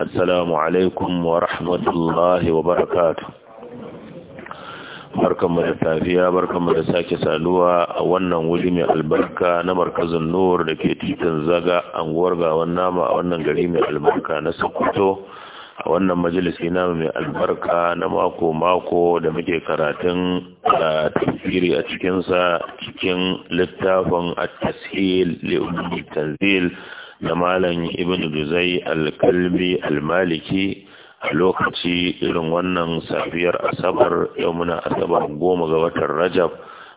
السلام عليكم ورحمة الله وبركاته mu da barkan mu da sake saluwa a wannan wuri mai albarka na markazin nur da ke titin zaga anguwar gawan nama a wannan gari mai albarka na sokoto a wannan majalisi na mai albarka na mako-mako da muke karatun a ah, tafiri a cikinsa cikin littafin at-tashil li tanzil da malam ibn duzai alkalbi almaliki a lokaci irin wannan safiyar asabar yau muna asabar goma ga watan rajab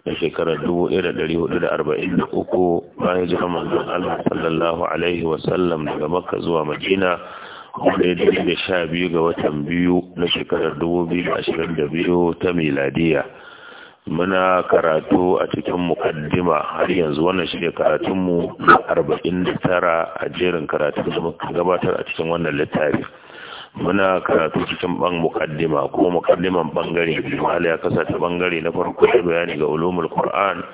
da shekarar 1443 bayan jiran manzon Allah sallallahu alaihi wasallam daga makka zuwa madina daidai da sha biyu ga watan biyu na shekarar 2022 ta miladiya muna karatu a cikin mukaddima har yanzu wannan shi ne karatunmu na tara a jerin karatu da muka gabatar a cikin wannan littafi muna karatu cikin ban mukaddima ko mukaddiman bangare biyu hali ya kasa ta bangare na farko da bayani ga ulumul qur'an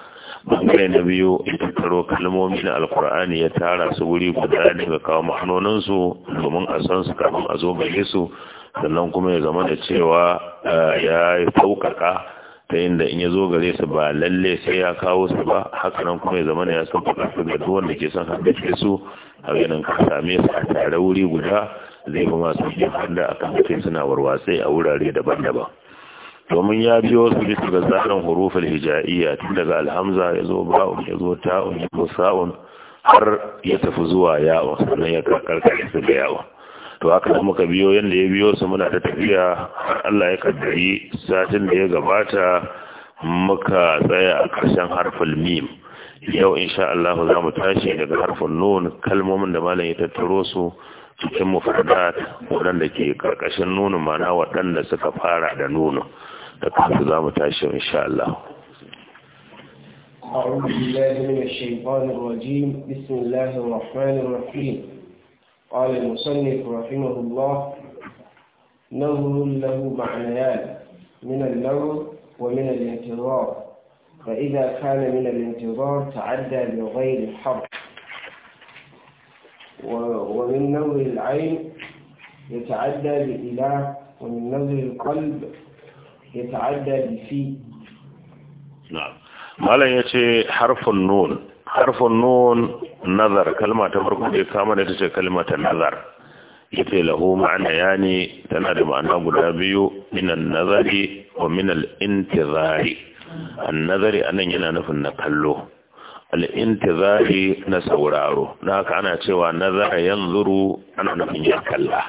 bangare na biyu ita tattaro kalmomi na alkur'ani ya tara su wuri guda daga kawo ma'anoninsu domin a san su kafin a zo gare su sannan kuma ya zama da cewa eh, ya sauƙaƙa ta inda in ya zo gare su ba lalle sai ya kawo su ba haka nan kuma ya zama ya san duwan da ke son ke su a ganin ka same su a tare wuri guda zai kuma su ke hada a kan mutum suna warwatse a wurare daban-daban domin ya biyo su bisa ga tsarin hurufin hija'iyya tun daga alhamza ya zo ba'un ya zo ta'un ya zo sa'un har ya tafi zuwa yawon sannan ya karkar su da yawon. to haka muka biyo yadda ya biyo su muna ta tafiya Allah ya kaddari satin da ya gabata muka tsaya a ƙarshen harfin mim yau insha Allah za mu tashi daga harfin nun kalmomin da malam ya tattaro su cikin mufradat waɗanda ke karkashin nunu mana waɗanda suka fara da nunu da kansu za mu tashi insha Allah أعوذ بالله من الشيطان الرجيم بسم الله الرحمن الرحيم قال المصنف رحمه الله نور له معنيان من النور ومن الانتظار فإذا كان من الانتظار تعدى بغير حرف ومن نور العين يتعدى بإله ومن نور القلب يتعدى بفي نعم لا يتي حرف النون harfin nun nazar kalma ta farko da ya kama da ita ce kalma ta nazar yace lahu ma'ana ne tana da ma'ana guda biyu minan nazari wa minal intizari an nazari anan yana nufin na kallo al'intizari na sauraro na haka ana cewa nazara yanzuru ana nufin ya kalla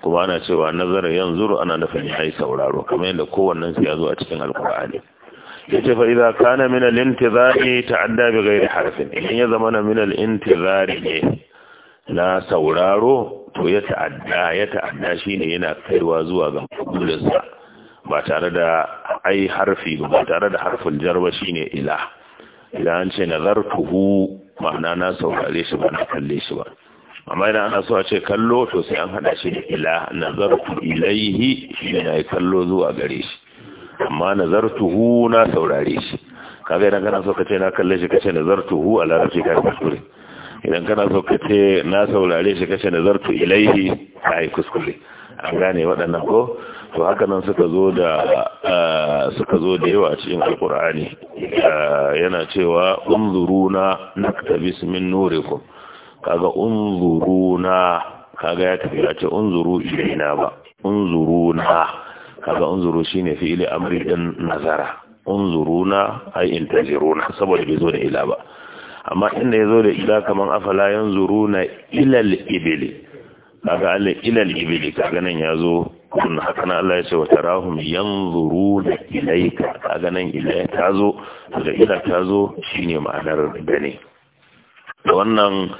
kuma ana cewa nazara yanzuru ana nufin ya yi sauraro kamar yadda kowannen su ya zo a cikin alkur'ani yace fa idza kana min al-intizari ta'adda bi ghairi harfin idan ya zama min al-intizari ne na sauraro to ya ta'adda ya ta'adda shine yana kaiwa zuwa ga mulinsa ba tare da ai harfi ba tare da harfin jarwa shine ila idan an ce nazartuhu ma'ana na saurare shi ba na kalle shi ba amma idan ana so a ce kallo to sai an hada shi da ila nazartu ilaihi shine ne kallo zuwa gare shi amma nazartuhu na saurare shi kaga idan kana so ka ce na kalle shi kace nazartuhu a larabci ka kuskure idan kana so ka ce na saurare shi kace nazartu ilaihi ka yi kuskure an gane waɗannan ko to haka nan suka zo da suka zo da yawa cikin alkur'ani yana cewa unzuruna naktabis min nurikum kaga unzuruna kaga ya tafi ya ce unzuru ilaina ba unzuruna kaga unzuru shine fi'ili amri dan nazara unzuruna ay intaziruna saboda bai zo da ila ba amma inda yazo da ila kaman afala yanzuruna ila al-ibli kaga ala ila al-ibli kaga nan yazo kun haka nan Allah ya ce wa tarahum yanzuruna ilayka kaga nan ila ta da ila tazo shine ma'anar gane da wannan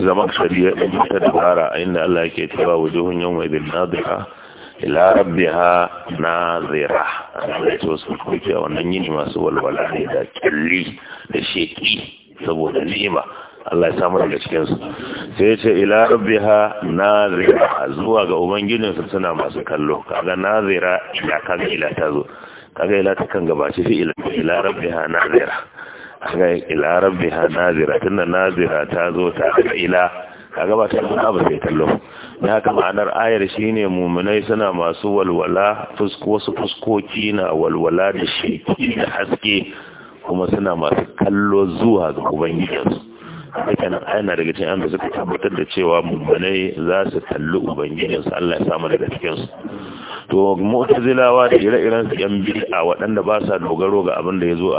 zama shari'a da ta dabara inda Allah yake cewa wujuhun yawma bil nadhiha ila rabbiha nazira to su wasu kuke wannan yini masu walwala ne da kalli da sheki saboda ni'ima Allah ya samu daga cikin su sai ya ce ila rabbiha nazira zuwa ga ubangijin su suna masu kallo kaga nazira ya kaga ila ta zo kaga ila ta kan gabaci fi ila ila rabbiha nazira kaga ila rabbiha nazira tunda nazira ta zo ta ila kaga ba sai abu sai kallo ya haka ma'anar ayar shine muminai suna masu walwala wasu fuskoki na walwala da sheki da haske kuma suna masu kallo zuwa ga ubangijinsu nan ayana daga cikin da suka tabbatar da cewa muminai za su kalli ubangijinsu Allah ya samu daga cikinsu to mu'tazila da ire-iren su yan bid'a waɗanda ba sa dogaro ga abin da ya zo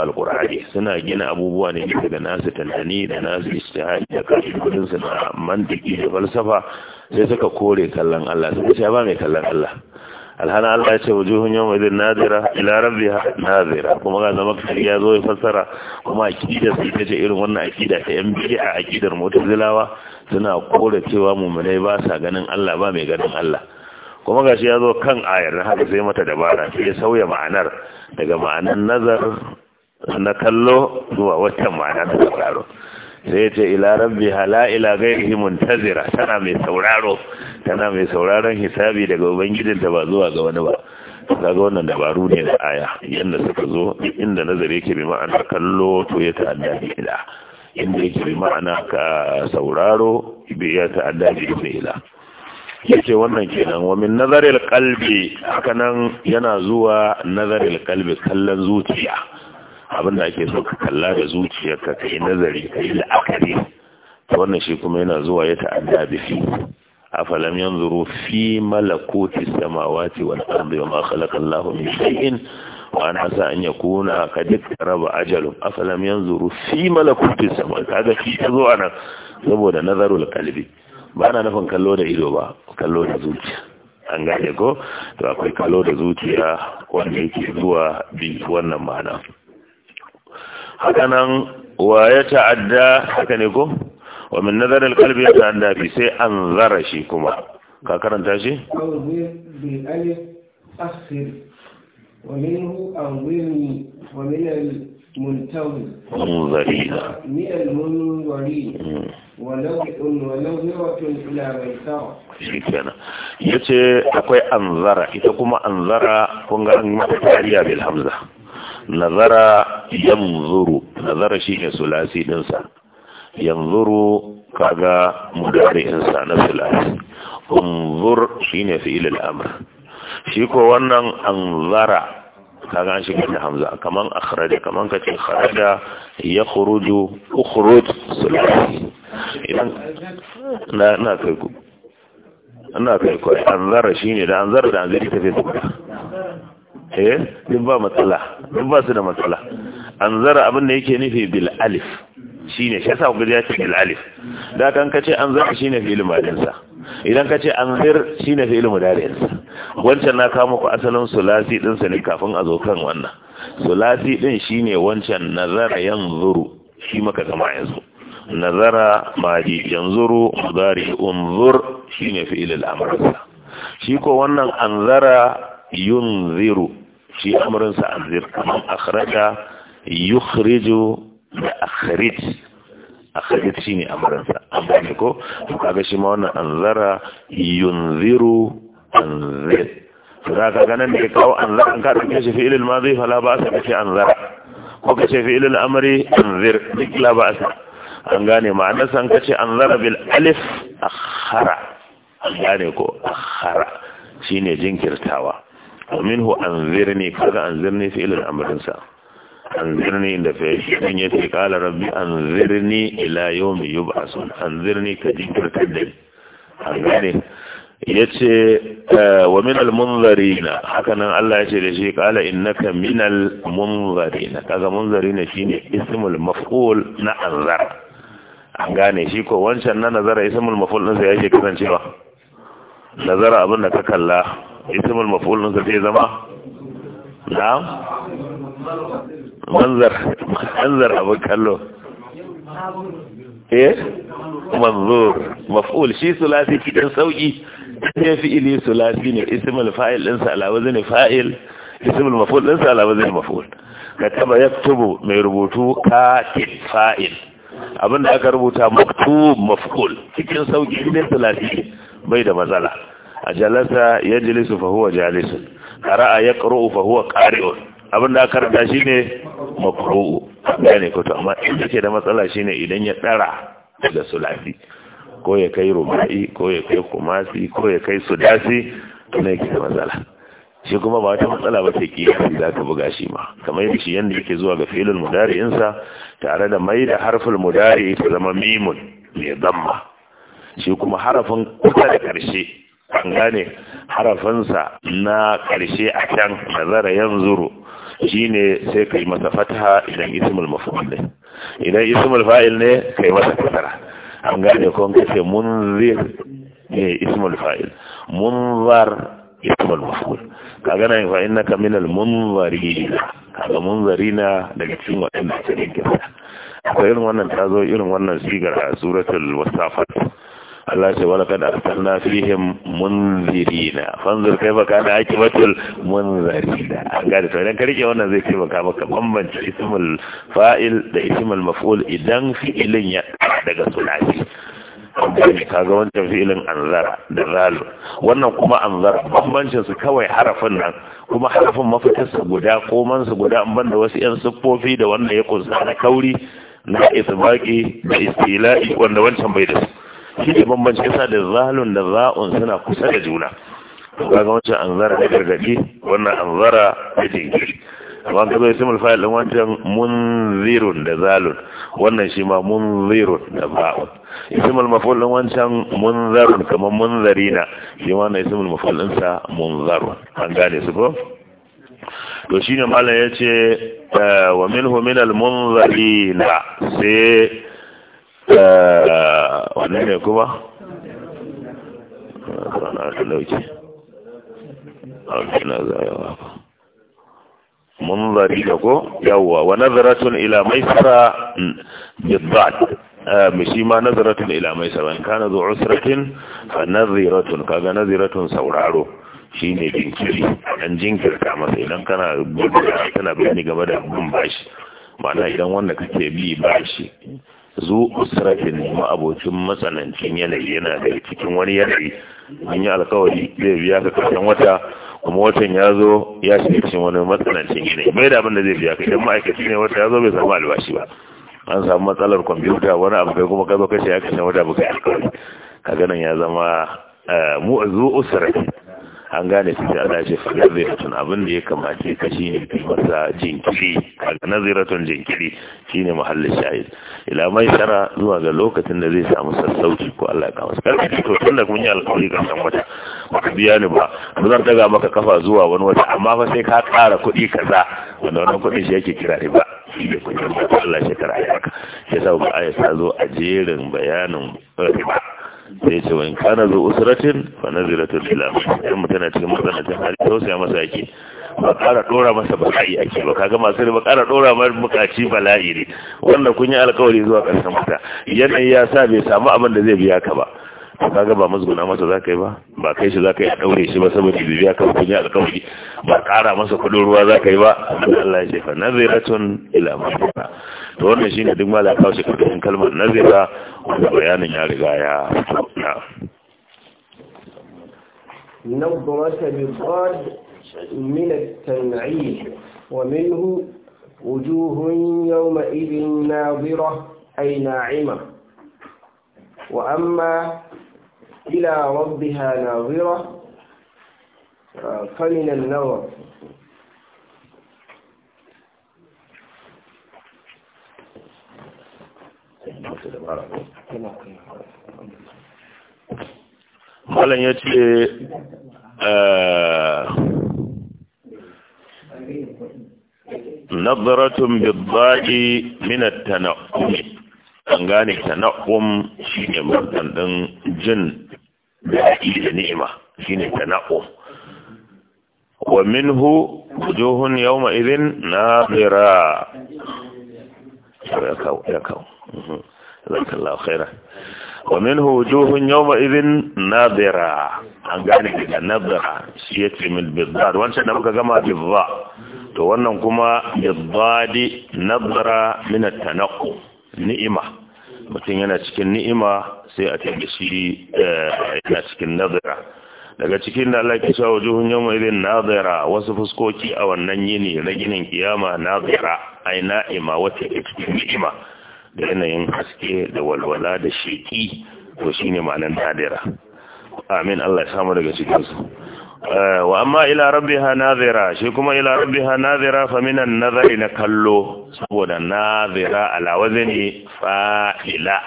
suna gina abubuwa ne daga nasu tunani da nasu istihadi da kafin su da mantiki da falsafa sai suka kore kallon Allah suka ce ba mai kallon Allah alhana Allah ya ce wujuhun yawm idin nadira ila rabbiha nadira kuma ga zama ya zo ya fassara kuma akida su ita ce irin wannan akida ta yan bid'a akidar mutazilawa suna kore cewa mu'minai ba sa ganin Allah ba mai ganin Allah kuma gashi ya zo kan ayar haka sai mata dabara sai ya sauya ma'anar daga ma'anar nazar na kallo zuwa wata ma'ana ta sauraro sai ya ce ila rabbi hala ila gairihi muntazira tana mai sauraro tana mai sauraron hisabi daga ta ba zuwa ga wani ba kaga wannan dabaru ne da aya yadda suka zo inda nazari yake bi ma'ana kallo to ya ta'adda bi ila inda yake bi ma'ana ka sauraro bi ya ta'adda bi ila ce wannan kenan wa min kalbi haka nan yana zuwa nazaril kalbi kallon zuciya abinda ake so ka kalla da zuciyarka ka yi nazari ka yi la'akari Ta wannan shi kuma yana zuwa ya ta'adda bi fi afalam yanzuru fi malakuti samawati wal ardi ya ma khalaqa Allahu min wa an asa an ka duka raba ajalu afalam yanzuru fi malakuti samawati kaga shi yazo nan saboda nazarul qalbi ba na nufin kallo da ido ba kallo da zuciya an gane ko to akwai kallo da zuciya wanda yake zuwa bi wannan ma'ana hakanan wa ya ta'adda haka ne ko wa min nazar alqalbi ya ta'adda bi sai an zara shi kuma ka karanta shi bi alif asir wa minhu anwirni wa min al muntawi munzarina min al munwarin mm. shi kenan ya ce akwai anzara ita kuma anzara kun ga an mata tariya bil hamza nazara yanzuru nazara shi ne sulasi dinsa yanzuru kaga mudari'insa na sulasi unzur shi ne fi'il al'amr shi ko wannan anzara kaga an shigar da hamza kamar kaman kamar kaman kace kharaja yakhruju ukhruj sulasi idan na kai ku ina kai ku an zara shine da an zara da an zari tafi su eh duk ba matsala duk ba su da matsala an zara abin da yake nufi bil alif shine shi shasa ku ya ce bil alif da kan kace an zara shine fi'il madinsa idan kace an zir shine fi'il mudarinsa wancan na kawo muku asalin sulasi din sa ne kafin a zo kan wannan sulasi din shine wancan nazara yanzuru shi maka zama yanzu nazara maji yanzuru mudari unzur shine fi'il al-amr shi ko wannan anzara yunziru shi amrin sa anzir kaman akhraja yukhriju da akhrij akhrij shine amrin sa amma ne ko to kaga shi ma wannan anzara yunziru anzir za ka ganin da ya kawo anzara an ka dauke shi fi'il al-madi fala ba'sa bi anzara ko ka ce fi'il al-amri anzir duk la ba'sa an gane ma'anar san kace an zara bil alif akhara an gane ko akhara shine jinkirtawa minhu anzirni kaga anzirni fi'il amrin sa anzirni da fi'ilin yace kala rabbi anzirni ila yawmi yub'asun anzirni ka jinkirtar da an gane yace eh, wa min al-munzarina hakanan Allah yace da shi qala innaka min al-munzarina kaga munzarina shine ismul maf'ul na anzara. an gane shi ko wancan na nazara ismul maf'ul din sai yake kasancewa nazara abin da ka kalla ismul maf'ul din sai zama na'am manzar manzar abin kallo eh manzur maf'ul shi sulasi kidan sauki sai fi'ili sulasi ne ismul fa'il din sa ala wazni fa'il ismul maf'ul din sa ala wazni maf'ul kataba yaktubu mai rubutu katib fa'il abin da aka rubuta maktu mafkul cikin sauki ne talafi bai da matsala a jalasa ya jilisu fa huwa jalisun qara'a yaqra'u fa huwa qari'un abin da aka rubuta shine maqru'u gane ko to amma inda ke da matsala shine idan ya dara da sulasi ko ya kai rubai ko ya kai kumasi ko ya kai sudasi ne ke da matsala shi kuma ba wata matsala ba ta kiyasi za ka buga shi ma kamar yadda shi yanda yake zuwa ga filin mudari'insa tare da mai da harfin mudari ta zama mimun mai zamma shi kuma harafin kusa da ƙarshe an gane harafinsa na ƙarshe a can nazara yanzuru shi ne sai ka yi masa fataha idan ismul mafa'il ne idan ismul fa'il ne ka yi masa kasara an gane ko kace munzir ne ismul fa'il munzar ismul maf'ul kaga nan fa innaka minal munzarina kaga munzarina daga cikin waɗanda ake rinkin akwai irin wannan ta zo irin wannan sigar a suratul wasafat Allah ce wala kada arsalna fihim munzirina fanzur kaifa kana akibatul munzirina an gane to idan ka rike wannan zai taimaka maka bambanci ismul fa'il da ismul maf'ul idan fi'ilin ya daga sulasi Ka ga wancan filin anzara da zalu wannan kuma anzara bambancin su kawai harafin nan kuma harafin mafitarsa guda komansa guda an banda wasu yan siffofi da wannan ya kunsa na kauri na isbaqi da istila'i wanda wancan bai da su shi ne bambanci yasa da zalun da za'un suna kusa da juna kaga wancan anzara da gargadi wannan anzara da jinkiri amma ka zo isimul fa'il din wancan munzirun da zalun wannan shi ma munzirun da ba'un اسم المفعول din wancan munzarun to shine malam yace eh, wa minhu min al sai eh, wannan ne kuma rana ta lauke alfina zayawa ba munzari ila maisara shi ma nazaratun ila mai saban na zo usratin fa naziratun kaga naziratun sauraro shi ne jinkiri an jinkirta masa idan kana tana bayani game da bin bashi ma'ana idan wanda kake bi bashi zo usratin ma'abocin matsanancin yanayi yana da cikin wani yanayi an yi alkawari zai biya ka karshen wata kuma watan ya zo ya shiga cikin wani matsanancin yanayi bai da abin da zai biya ka idan ma'aikaci ne wata ya zo bai samu albashi ba an samu matsalar kwamfuta wani abu kai kuma kai baka shi aka shi wata baka alkawari ka nan ya zama eh, mu'azu usra an gane shi sai Allah ya ce naziratun abin da ya kamace ka shine kai masa jinkiri kaga naziratun jinkiri shine mahallin shahid ila mai shara zuwa ga lokacin da zai samu sassauci ko Allah ya kawo karka to tunda kun yi alƙawari ga san wata baka biya ni ba mun zan daga maka kafa zuwa wani wata amma fa sai ka kara kuɗi kaza wanda wannan kuɗin shi yake kira riba da kuɗin Allah shekara ya haka ya sa ga ayat ta zo a jerin bayanin riba sai ce wani kana zo usratin fa naziratun ila idan mutum na cikin matsanancin hali tausaya masa ake. ba ƙara ɗora masa ba ka'i ake ba kaga masu ba ƙara ɗora ma buƙaci bala'i ne wannan kun yi alƙawari zuwa ƙarshen mata yanayi ya sa bai samu abin da zai biya ka ba kaga ba musguna masa za ka yi ba ba kai shi za ka yi a ɗaure shi ba saboda bai biya ka kun yi alƙawari ba ƙara masa kuɗin ruwa za ka yi ba abin Allah ya shefa naziratun ila mafiya to wannan shine duk malaka da shi kalmar nazira bayanin ya riga ya نظرة بالضاد من التنعيم ومنه وجوه يومئذ ناظرة أي ناعمة وأما إلى ربها ناظرة فمن النظر malam ya ce eh, nazaratun bibbaɗi minat tana'umi an gane tana'um shi ne martan ɗin jin daɗi da ni'ima shi ne tana'um wa minhu wujuhun yawma na nazira ya kawo ya kawo mhm. zakallahu khaira wa minhu wujuhun yawma idhin nadira an gane daga nadira shi yake min bidad wancan da muka gama bidda to wannan kuma bidadi nadira min at-tanaqqu ni'ima mutum yana cikin ni'ima sai a tabbata shi eh, yana cikin nadira daga cikin da Allah ke cewa wujuhun yawma idin nadira wasu fuskoki a wannan yini na ginin kiyama nadira ai na'ima wata cikin ni'ima da yanayin haske da walwala da sheki to shine ma'anar nadira amin Allah ya samu daga cikin su eh, wa amma ila rabbiha nadira shi kuma ila rabbiha nadira fa minan nadari na kallo saboda nadira ala wazni fa'ila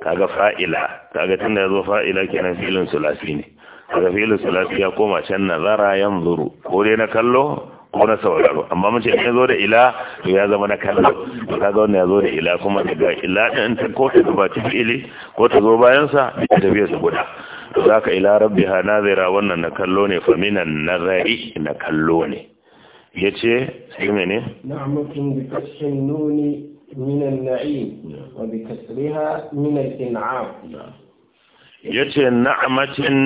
kaga fa'ila kaga tunda yazo fa'ila kenan filin sulasi ne daga fi'il salatu ya koma can nazara zuru. ko dai na kallo ko na sauraro amma mace in zo da ila to ya zama na kallo to kaga wannan ya zo da ila kuma daga ila din ta ko ta ba ta fili ko ta zo bayan sa ta tafiya su guda to zaka ila rabbiha nazira wannan na kallo ne fa minan nazari na kallo ne yace sai mene na'amatin bi kashin nuni min an-na'im wa bi kasriha min al-in'am yace na'amatin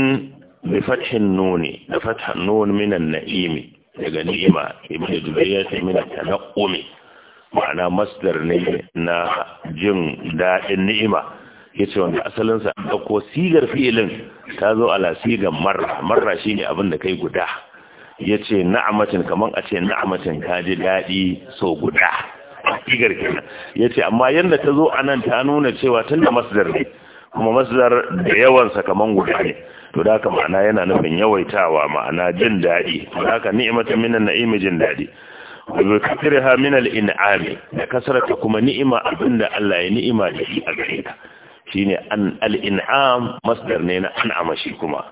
bi fathin da fathan nun na'imi daga ni'ima ibnu jubayr ta min tanaqqumi ma'ana masdar ne na jin daɗin ni'ima yace wanda asalin sa dauko sigar fi'ilin ta zo ala sigar marra marra shine abin da kai guda yace na'amatin kaman a ce na'amatin ka ji dadi so guda sigar kenan yace amma yanda ta zo anan ta nuna cewa tunda masdar ne kuma masdar da yawan sa kaman guda ne to da ma'ana yana nufin yawaitawa ma'ana jin daɗi to da haka ni'imatan minan na'imi jin daɗi wa kasriha min al-in'ami da kasrata kuma ni'ima abinda Allah ya ni'ima da shi a gare ka shine an al-in'am masdar ne na an'ama shi kuma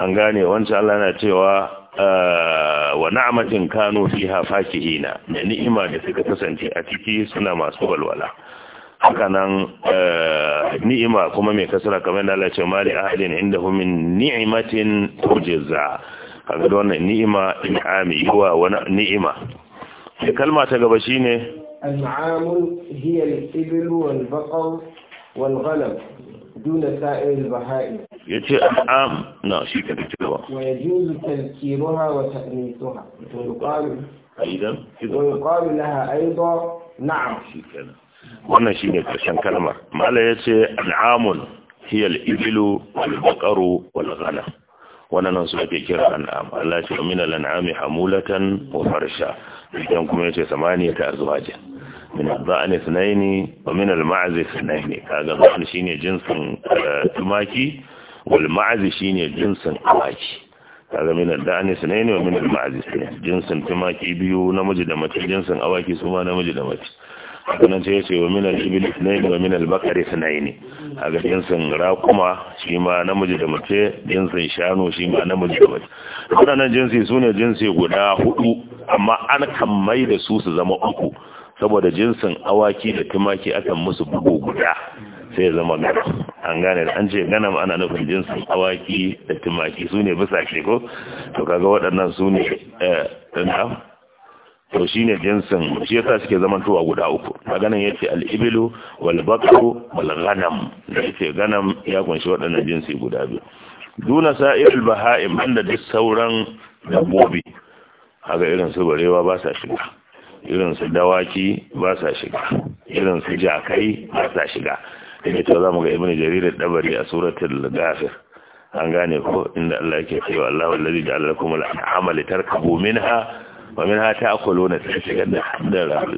an gane wancan Allah yana cewa ah, wa na'matin kanu fiha fakihina ni'ima da suka kasance a ciki suna masu walwala haka eh, ni'ima kuma mai kasara kamar da Allah ce mali ahadin indahu min ni'matin tujza kaga da wannan ni'ima in'ami yawa wani ni'ima kalma ta gaba shi ne. hiya al-ibil wal baqar wal ghanam duna sa'ir Baha'i. Ya ce Al'am na shi ka tace gaba wa yajuzu tankiruha wa ta'nisuha wa yuqalu aidan wa yuqalu laha aidan na'am shi kenan wannan shine karshen kalmar mala yace an'amun hiya al-ibilu wal-baqaru wal-ghanam wannan su ake kira an'am Allah ya ce min al-an'ami hamulatan wa farsha idan kuma yace ta azwajin min al-dha'ni ithnaini wa min al-ma'z ithnaini kaga dha'n shine jinsin eh, tumaki wal shi shine jinsin awaki kaga min al-dha'ni ithnaini wa min al-ma'z jinsin tumaki biyu namiji da mace jinsin awaki su ma namiji da mace haka ce sai ce wa minal ibil ithnain wa minal bakari ithnain a ga jinsin raƙuma shi ma namiji da mace jinsin shanu shi ma namiji da mace nan jinsi sune jinsi guda hudu amma an kan mai da su su zama uku saboda jinsin awaki da tumaki akan musu bugu guda sai zama ganam an gane da an ce ganam ana nufin jinsin awaki da tumaki sune bisa shi ko to kaga waɗannan su ne eh, to shine jinsin shi yasa suke a guda uku maganan yace al-ibilu wal baqru wal ghanam yace ganam ya kunshi waɗannan jinsi guda biyu duna sa'irul baha'im banda duk sauran dabbobi haka irin su barewa ba sa shiga irin su dawaki ba sa shiga irin su jakai ba sa shiga yake to zamu ga ibn jarir dabari a suratul ghafir an gane ko inda Allah yake cewa Allahu allazi ja'ala lakum al-an'ama minha wa min hata akwalo na ta shigar da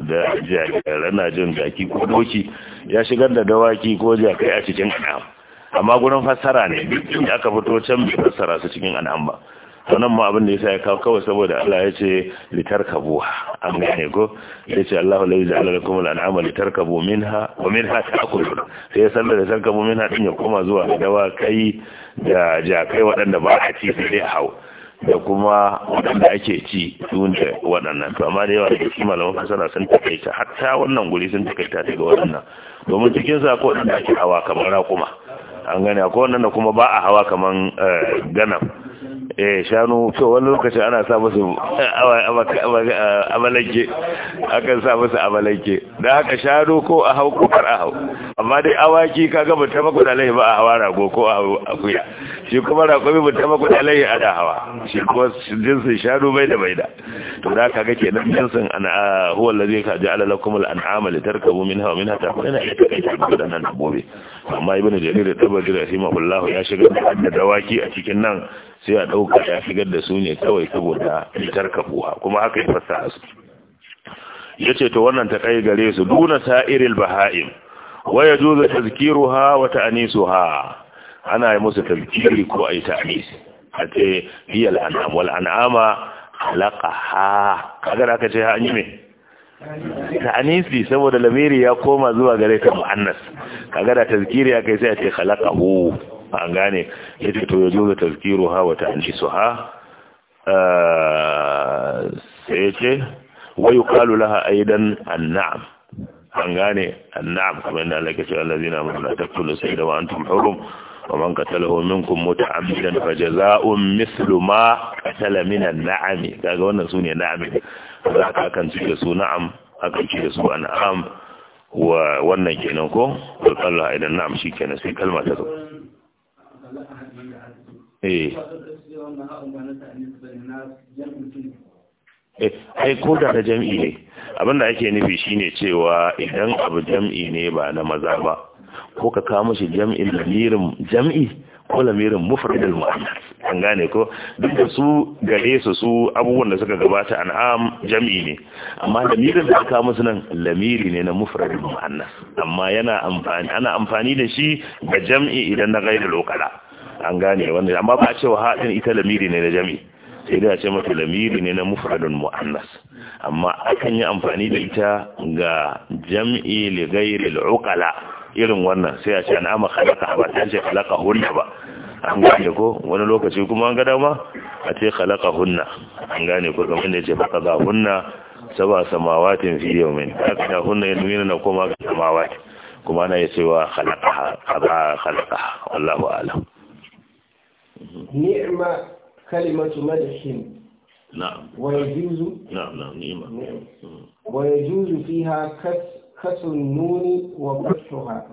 na jin jaki ko doki ya shigar da dawaki ko jakai a cikin an'am amma gurin fassara ne ya ka fito can fassara su cikin an'am ba sannan ma abin da ya sa ya kawo kawai saboda Allah ya ce litarkabu an gane ko ya ce 'Allah la yaj'al lakum al-an'ama litarkabu minha wa minha ta'kulun sai ya san da tarkabu minha din ya koma zuwa dawakai da jakai waɗanda ba a ci sai dai hawo da kuma waɗanda ake ci su waɗannan to amma da yawa da su malaman fasara sun takaita hatta wannan guri sun takaita daga waɗannan domin cikin sako ɗin waɗanda ake hawa kamar raƙuma an gani akwai wannan da kuma ba a hawa kaman eh, ganam eh shanu to wani lokaci ana sa musu eh, eh, abalanke akan sa musu abalanke da haka shanu ko a hau ko kar a hau amma dai awaki kaga ba ta mako da laifi ba a hawa rago ko a kuya. shi kuma raƙomi ba ta mako da a da hawa shi kuma jinsin shanu bai da bai da to da kaga kenan jinsin ana huwa allazi ka ja'ala lakum al-an'ama litarkabu minha wa minha ta'kuluna ita kai ta da gobe. amma ibn jarir tabari rahimahullahu ya shigar da dawaki a cikin nan sai a dauka ya shigar da su ne kawai saboda litar kafuwa kuma haka ya fassara su yace to wannan ta kai gare su duna sa'iril baha'im wa yajuzu tazkiruha wa ha?" ana yi musu tazkiri ko ai ta'nis hiya al-an'am wal an'ama kaga da ce an yi me ta'anisi saboda lamiri ya koma zuwa gare ta mu'annas kaga da tazkiri ya kai sai a ce khalaqahu an gane yace to yazo da tazkiru ha wa ta'anisu ha eh, sai yace wa yuqalu laha aidan an'am an gane an'am kamar da Allah ya ce allazina amanu la taqtulu sayyida wa antum hurum man قتله minkum mutaammidan fajaza'un مثل ma قتل من النعم kaga wannan sune na'ami za ka akan ci da su na'am aka ci da su na'am wa wannan kenan ko Allah idan na'am shi kenan sai kalma ta zo eh, eh ai ko da jam'i ne abinda ake nufi shine cewa idan abu jam'i ne ba na maza ba ko ka kawo mashi jam'in lamirin jam'i ko lamirin mufradil mu'annas an gane ko duk da su gare su su abubuwan da suka gabata an'am jami'i ne amma lamirin da aka musu nan lamiri ne na mufradin mu'annas amma yana amfani ana amfani da shi ga jami'i idan na gairu lokala an gane wanda amma ba a cewa hadin ita lamiri ne na jami'i sai da ce mata lamiri ne na mufradin mu'annas amma akan yi amfani da ita ga jami'i li ghairi al-uqala irin wannan sai a ce an ama halaka ba ta ce khalaka hunna ba an gane ko wani lokaci kuma an ga dama a ce khalaka hunna an gane ko kamar ne ce baka za hunna saba samawatin fi yawmin haka da hunna ya nuna na koma ga samawati kuma na ya cewa khalaka kaza khalaka wallahu alam ni'ma kalimatu madhin na'am wa yajuzu na'am na'am ni'ma wa yajuzu fiha kas كسر النون وكسرها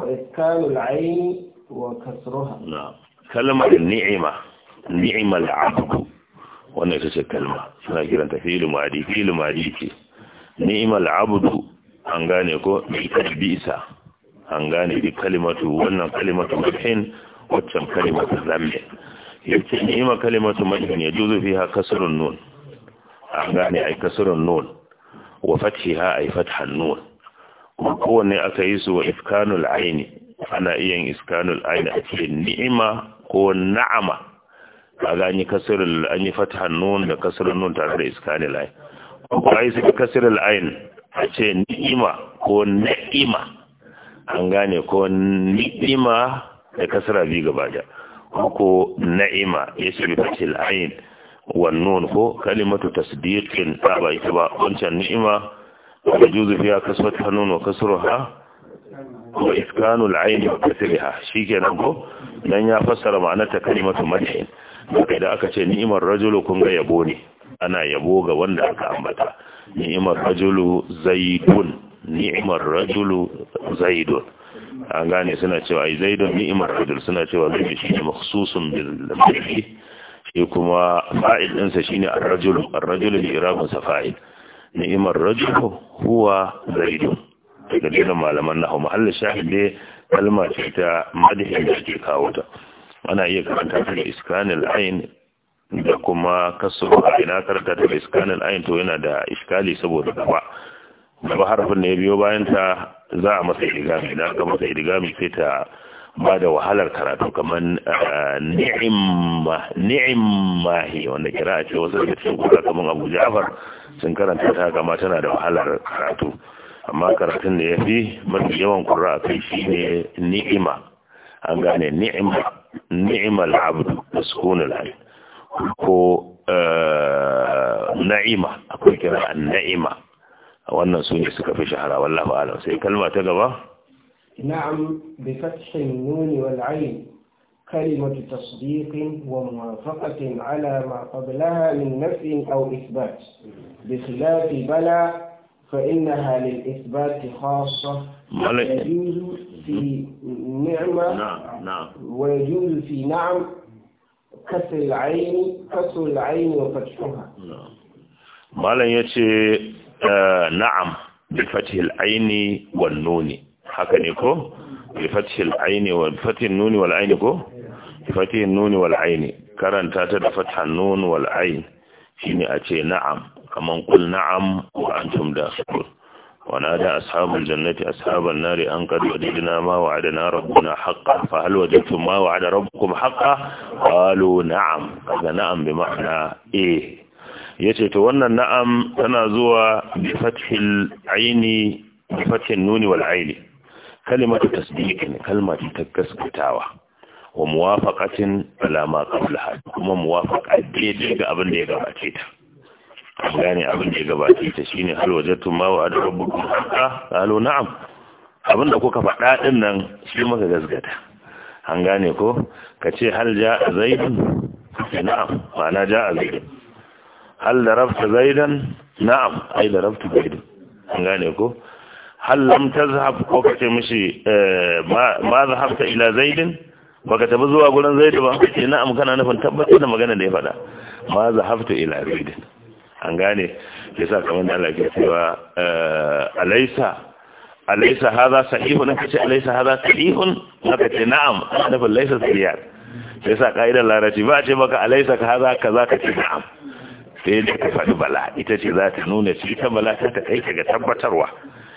وإسكان العين وكسرها نعم Kalmar ni'ima, نعم العبد wannan ita ce kalma suna kiranta filu madi filu madi ce ni'mal abdu an gane ko bi bisa an gane bi kalimatu wannan kalimatu mudhin waccan kalimatu zamme yace ni'ma kalimatu mudhin yajuzu fiha kasrun nun an gane ai kasrun nun wa fathiha ay fathan nun kowane aka yi su wa iskanul aini ana iya yin iskanul aini a cikin ni'ima ko na'ama a ga ni kasirul an yi nun da kasirul nun tare da iskanul aini ko yi sai kasirul aini a ce ni'ima ko na'ima an gane ko ni'ima da kasira bi gaba da ko na'ima ya shi fatil aini wannan ko kalimatu tasdiqin ta ba ita ba wancan ni'ima يجوز فيها كسوة حنون وكسرها وإسكان العين وكسرها شيكي نقو لن يفسر معنى كلمة مدح إذا أكتش نئم الرجل كنغ يبوني أنا يبوغ وانا أكامبتا نئم الرجل زيدون نئم الرجل زيدون an gane suna cewa ai zaidun ni'imar rajul suna cewa zai shi ne makhsusun bil shi kuma fa'il ɗinsa shine ar-rajul ar-rajul li irabun sa ni'imar rajulu huwa zaidu daga dina malaman nahu mahallin ne kalma ce ta madihin da ke kawo ta ana iya karanta ta da iskanil ayin da kuma kasu ina karanta ta da iskanil ayin to yana da iskali saboda gaba gaba harafin da ya biyo bayan ta za a masa idigami idan ga masa idigami sai ta ba da wahalar karatu kamar ni'imma eh, ni'imma wanda kira a ce wasu da cikin kuka kamar abu ja'far sun karanta ta gama tana da wahalar karatu amma karatun da ya fi mafi yawan kura a kai shi ne ni'ima an gane ni'ima ni'imal abdu da sukunul ayn ko eh, na'ima akwai kira a na'ima wannan su ne suka fi shahara wallahu alam sai kalma ta gaba na'am bi fathin nun wal ayn كلمة تصديق وموافقة على ما قبلها من نفي أو إثبات بخلاف بلى فإنها للإثبات خاصة ويجوز في نعمة نعم نعم ويجوز في نعم كسر العين كسر العين وفتحها نعم لن يتي آه، نعم بفتح العين والنون هكذا نيكو بفتح العين وفتح النون والعين كو فتح النون والعين كرنت تدفتح النون والعين حين أتي نعم كما قل نعم وأنتم داخل ونادى أصحاب الجنة أصحاب النار أن قد وجدنا ما وعدنا ربنا حقا فهل وجدتم ما وعد ربكم حقا قالوا نعم هذا نعم بمعنى إيه يتيتو أن النعم تنازوا بفتح العين بفتح النون والعين كلمة تصديق كلمة تكسكتاوة wa muwafaqatin ala ma ha kuma muwafaqa ce daga abin da ya gabace ta gane abin da ya gabace ta shine hal wajatu ma wa'ada rabbukum haqa qalu na'am abin da kuka faɗa din nan shi maka gasgata an gane ko kace hal ja zaidun na'am ma'ana ja zaidun hal darabta zaidan na'am ai darabta zaidan an gane ko hal lam tazhab ko kace mishi eh, ma zahabta ila zaidin baka tafi zuwa gurin zaidu ba ce na'am kana nufin tabbatar da magana da ya faɗa ma zahabtu ila zaid an gane sa kamar da Allah ke cewa eh, ha za sahihu na kace za sahihu na kace na'am nufin laisa sahih sai sa ka'idar larabci ba a ce maka alaysa ka za kaza ce na'am sai da ka faɗi bala ita ce za ta nuna shi ta bala ta ta kai ga tabbatarwa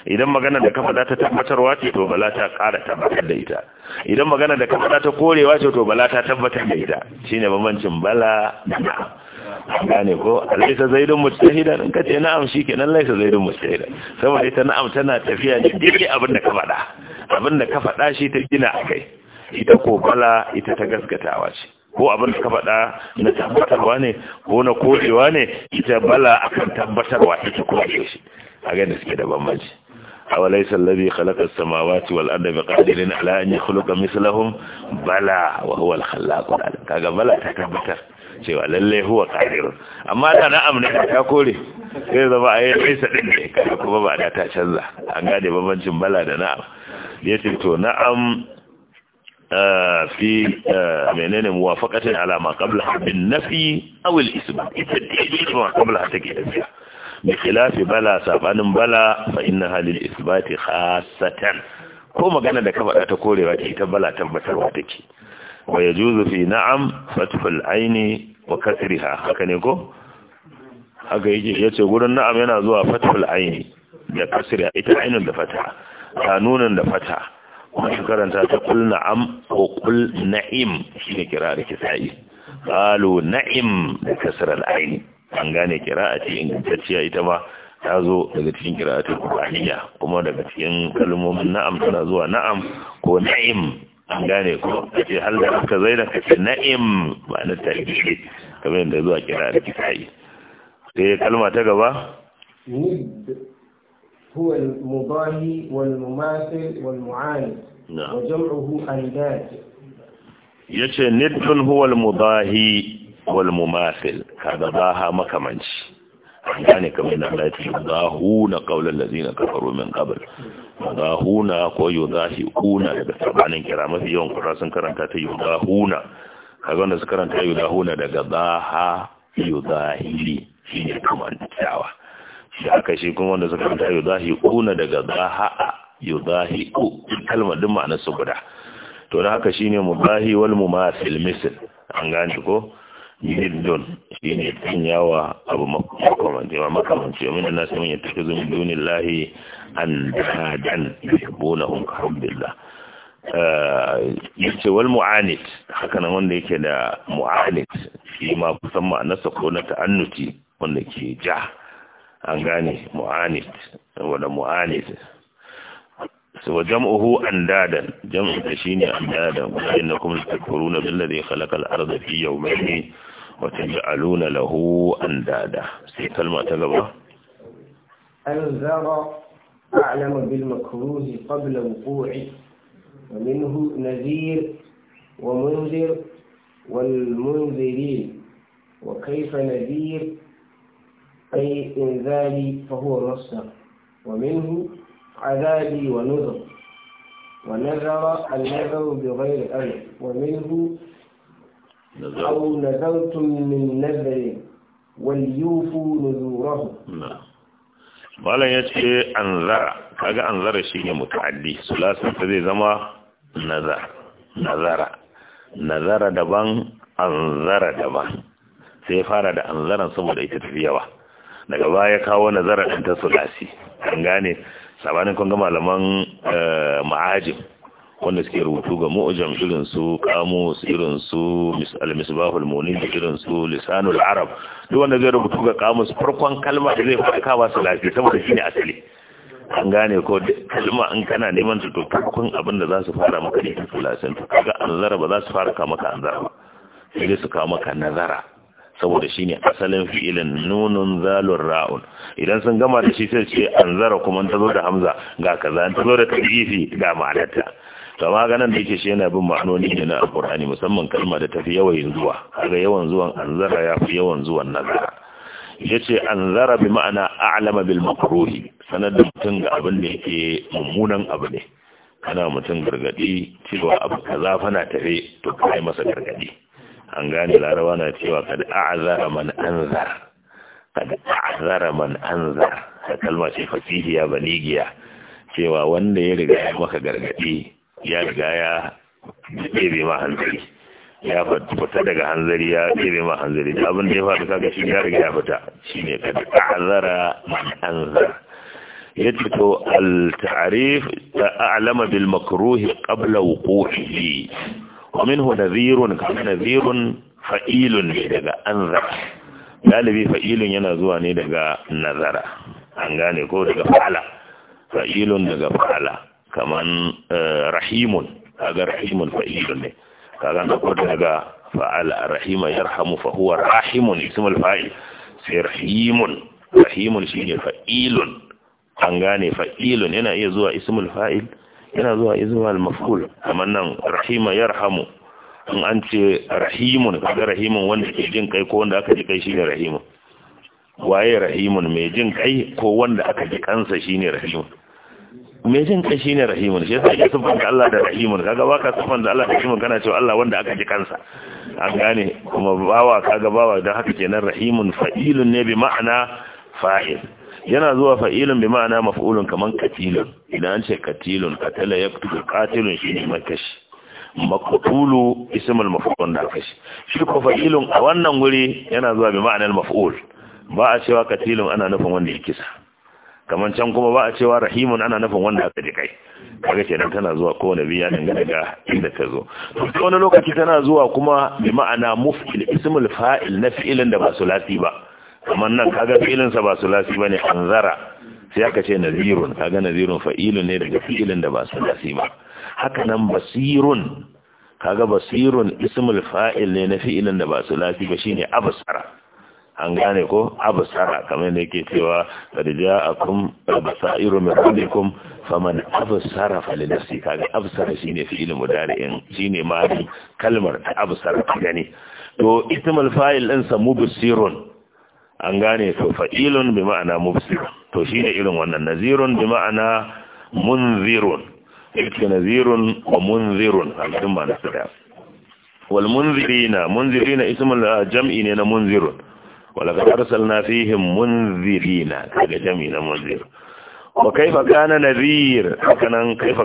idan magana da ka fada ta tabbatarwa ce to bala ta ƙara tabbatar da ita idan magana da ka fada ta korewa ce to bala ta tabbatar da ita shine bambancin bala da na'am gane ko laisa zaidun mujtahidan in ka ce na'am shikenan laisa zaidun mujtahidan saboda ita na'am tana tafiya ne dai abin da ka fada abin da ka fada shi ta gina akai ita ko bala ita ta gaskatawa ce ko abin da ka fada na tabbatarwa ne ko na korewa ne ita bala akan tabbatarwa ita kuma shi. a ganin suke da bambanci أوليس الذي خلق السماوات والأرض بقادر على أن يخلق مثلهم بلى وهو الخلاق العليم كذا بلى تتبتر شيء ولله هو قادر أما أنا أمن أقولي كذا ما أي ليس عندي كذا كم بعد أتشن لا أنقادي ما بنجم بلى نعم يتبتو نعم آه، في آه، منين موافقة على ما قبلها بالنفي أو الإثبات التدليل ما قبلها تجيء da khilafi bala sabanin bala fa halin isbati khassatan ko magana da ka faɗa ta korewa ce ita bala tabbatarwa take wa yajuzu fi na'am aini wa haka ne ko haka yake yace na'am yana zuwa fatful aini da kasriha ita ainun da fata kanunan da fata masu karanta ta kul na'am ko kul na'im shi ne kira da kisa'i qalu na'im da kasral aini an gane a cikin ingantacciya ita ma ta zo daga cikin kira'atul qur'aniyya kuma daga cikin kalmomin na'am tana zuwa na'am ko na'im an gane ko ce hal da aka zaina ka ce na'im na tarihi kamar yadda zuwa kira'ar kitai sai kalma ta gaba هو المضاهي والمماثل والمعاند وجمعه أنداد يتي ند هو المضاهي wal mumathil kaga baha makamanci gane kamar da Allah ya ce yudahuna qawlan ladina kafaru min qabl yudahuna ko yudahuna daga sabanin kira mafi yawan kura sun karanta ta yudahuna kaga wanda su karanta yudahuna daga baha yudahili shine kamantawa shi aka shi kuma wanda su karanta yudahuna daga baha yudahiku kalmar din ma'anar su guda to da haka shine mudahi wal mumathil misl an gane ko lillun shi ne yawa abu makamanci wa makamanci wa minna nasu min yattaki zumin lahi an dadan da yabona hun karon billah eh, yace wal mu'anit haka nan wanda yake da mu'anit shi ma kusan ma'anarsa ko na ta'annuti wanda ke ja an gane mu'anit wanda mu'anit سوى na kuma جمع تشيني أندادا وإنكم تكفرون بالذي خلق الأرض في ne. وتجعلون له أندادا كلمة تقبع أنذر أعلم بالمكروه قبل وقوعه ومنه نذير ومنذر والمنذرين وكيف نذير أي إنذاري فهو مصدر ومنه عذابي ونذر ونذر النذر بغير أمر ومنه أو نذرتم من نذر وليوفوا نذوره malam ya ce an zara kaga anzara zara shi ne mutaddi sulasinsa zai zama nazara nazara daban an daban sai ya fara da an saboda ita tafi yawa daga baya ya kawo nazara ɗin ta sulasi an gane sabanin kun malaman ma'ajin wanda suke rubutu ga mu'jam irin su kamus irin su al-misbahul munir irin su lisanul arab duk wanda zai rubutu ga kamus farkon kalma da zai farka ba su lafiya saboda shine asali an gane ko kalma in kana neman su to farkon abin da za su fara maka ne ta tulasin to kaga anzara ba za su fara ka maka anzara ba sai su kawo maka nazara saboda shine asalin fi'ilin nunun zalun ra'un idan sun gama da shi sai ce anzara, kuma ta zo da hamza ga kaza ta zo da tarihi ga ma'anarta to ganin da yake shi yana bin ma'anoni ne na alkur'ani musamman kalma da tafi yawan zuwa kaga yawan zuwan anzara ya fi yawan zuwan nazara yace anzara bi ma'ana a'lama bil makruhi sanar da mutum ga abin da yake mummunan abu ne kana mutum gargadi cewa abu kaza fa na tafi to kai masa gargadi an gane larawa na cewa kad a'zara man anzar kad a'zara man anzar kalma ce fasihiya baligiya cewa wanda ya riga ya maka gargadi ya riga ya ɗebe ma hanzari ya fita daga hanzari ya ɗebe ma hanzari da abin da ya faru kaga shi ya riga ya fita shi ne ka ta'azara man anzara ya ce to al-ta'arif Alama bil makruhi qabla wuqu'ihi wa minhu nadhirun kana nadhirun fa'ilun daga anzara galibi fa'ilun yana zuwa ne daga nazara an gane ko daga fa'ala fa'ilun daga fa'ala kaman eh, rahimun kaga rahimun fa'ilun ne kaga na kwata daga fa'ala rahima yarhamu fa huwa rahimun ismul fa'il sai rahimun rahimun shine fa'ilun an gane fa'ilun yana iya zuwa ismul fa'il yana zuwa ismul maf'ul kaman nan rahima yarhamu in an ce rahimun kaga rahimun wanda ke jin kai ko wanda aka ji kai shine rahimun waye rahimun mai jin kai ko wanda aka ji kansa shine rahimun mai jin kai shine rahimun shi yasa ake sufanta Allah da rahimun kaga baka da Allah da rahimun kana cewa Allah wanda aka ji kansa an gane kuma bawa kaga bawa dan haka kenan rahimun fa'ilun ne bi ma'ana fa'il yana zuwa fa'ilun bi ma'ana maf'ulun kaman katilun idan an ce katilun katala katilun qatilun shine makashi maqtulu ismul maf'ul da kashi shi ko fa'ilun a wannan wuri yana zuwa bi ma'anar maf'ul ba a cewa katilun ana nufin wanda ya kisa kamar can kuma ba a cewa rahimun ana nufin wanda aka ji kai kaga kenan tana zuwa kowane biya dangane ga inda ta zo to wani lokaci tana zuwa kuma bi ma'ana muf'il ismul fa'il na fi'ilin da ba sulasi ba kamar nan kaga fi'ilin sa ba sulasi bane anzara sai aka ce nazirun kaga nazirun fa'ilun ne daga fi'ilin da ba sulasi ba haka nan basirun kaga basirun ismul fa'il ne na fi'ilin da ba sulasi ba shine absara an gane ko abasara kamar da yake cewa karja akum basairu min rabbikum faman abasara falinafsi kaga abasara shine fi'il mudari'in shine mari kalmar ta abasara ta gani to ismul fa'il din sa mubsirun an gane to fa'ilun bi ma'ana mubsir to shine irin wannan nazirun bi ma'ana munzirun yake nazirun wa munzirun a cikin ma'anar sa wal munzirina munzirina ismul ah, jam'i ne na munzirun wala ga arsal na fihin munziri na daga jami na munziri wa kaifa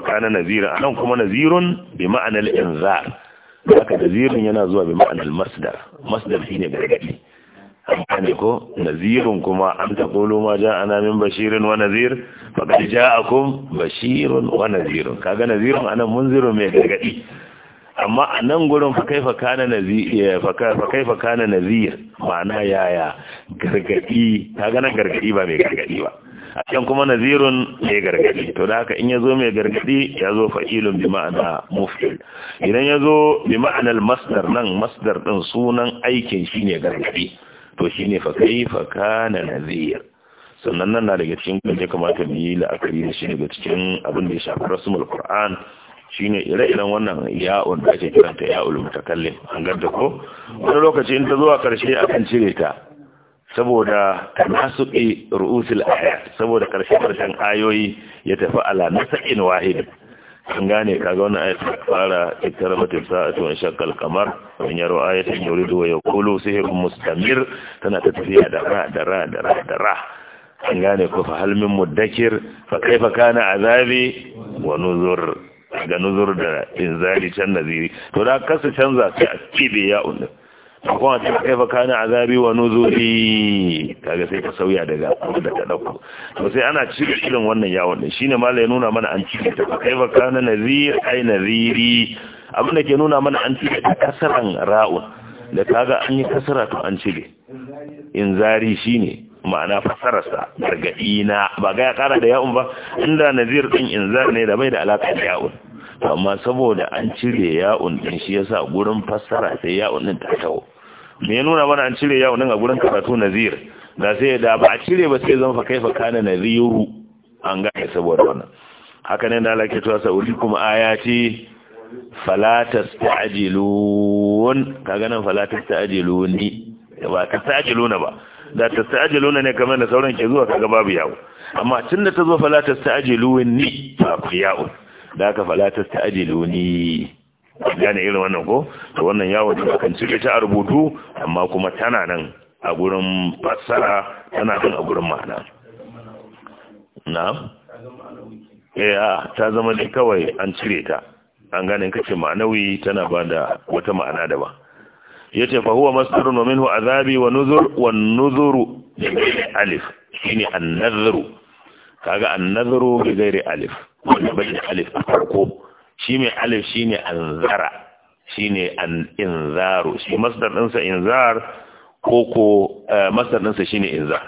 kana kuma nazirun bi ma'anar inzar haka nazirun yana zuwa bi ma'anar masdar shi ne gargaɗi amma ne nazirun kuma an ta ma ja ana min bashirin wa nazir ba ga ja akum wa nazirun kaga nazirun anan nan mai gargaɗi amma a nan gurin fakaifa eh, kana nazir ma'ana yaya gargadi ta ganin gargadi ba mai gargadi ba a can kuma nazirun mai gargadi to da haka in ya zo mai gargadi ya zo fa'ilun bi ma'ana mufil idan ya zo bi ma'anar masdar nan masdar ɗin sunan aikin shi ne gargadi to shi ne fakaifa kana nazir sannan nan na daga cikin kwanci kamata mu yi la'akari da shi daga cikin abin da ya shafi rasumul qur'an shine ire-iren wannan ya'un da ake kiranta ya'ul mutakallim an gadda ko wani lokaci in ta zuwa karshe akan cire ta saboda tanasuqi ru'usul ayat saboda karshe karshen ayoyi ya tafi ala nasa'in wahid kan gane kaga wannan ayat ta fara iktarabatil sa'atu wa shaqqal qamar wa yaru ayatan yuridu ya kulu sihrun mustamir tana ta tafiya da ra da ra da ra da ra kan gane ko fa hal min muddakir fa kaifa kana azabi wa nuzur ga nuzur da inzali can naziri to da kasu canza sai a kibe ya unda kuma ta kaifa kana azabi wa nuzuri kaga sai ka sauya daga da ta dauko to sai ana cire irin wannan yawon din shine mallai ya nuna mana an cire ta kaifa kana nazir ai naziri abin da ke nuna mana an cire ta kasaran ra'un da kaga an yi kasara to an cire inzari shine ma'ana fasararsa gargaɗi na ba ga ya ƙara da ya'un ba inda nazir ɗin inzar ne da bai da alaƙa da ya'un amma saboda an cire ya'un ɗin shi yasa gurin fassara sai ya'un ɗin ta tawo me ya nuna mana an cire ya'un ɗin a gurin karatu nazir da sai da ba a cire ba sai zan fa fa kana naziru an gane saboda wannan haka ne da Allah ke sa uri kuma ayati fala tasta'jilun kaga nan fala tasta'jiluni ba tasta'jiluna ba da tasta'jiluna ne kamar da sauran ke zuwa kaga babu yawo amma tun da ta zo fa ta fala tasta'jiluni babu yawo da aka fala ni gane irin wannan ko to wannan yawo da kan cike ta rubutu amma kuma tana nan a gurin fasara tana nan a gurin ma'ana na'am eh ta zama ne kawai an cire ta an gane kace ma'anawi tana bada wata ma'ana daban yace fa huwa masdarun wa minhu azabi wa nuzur wa nuzuru alif shine an-nadhru kaga an-nadhru bi ghairi alif wanda bai alif a farko shi mai alif shine anzara shine an-inzaru shi masdar dinsa sa inzar koko eh, masdar dinsa shine inzar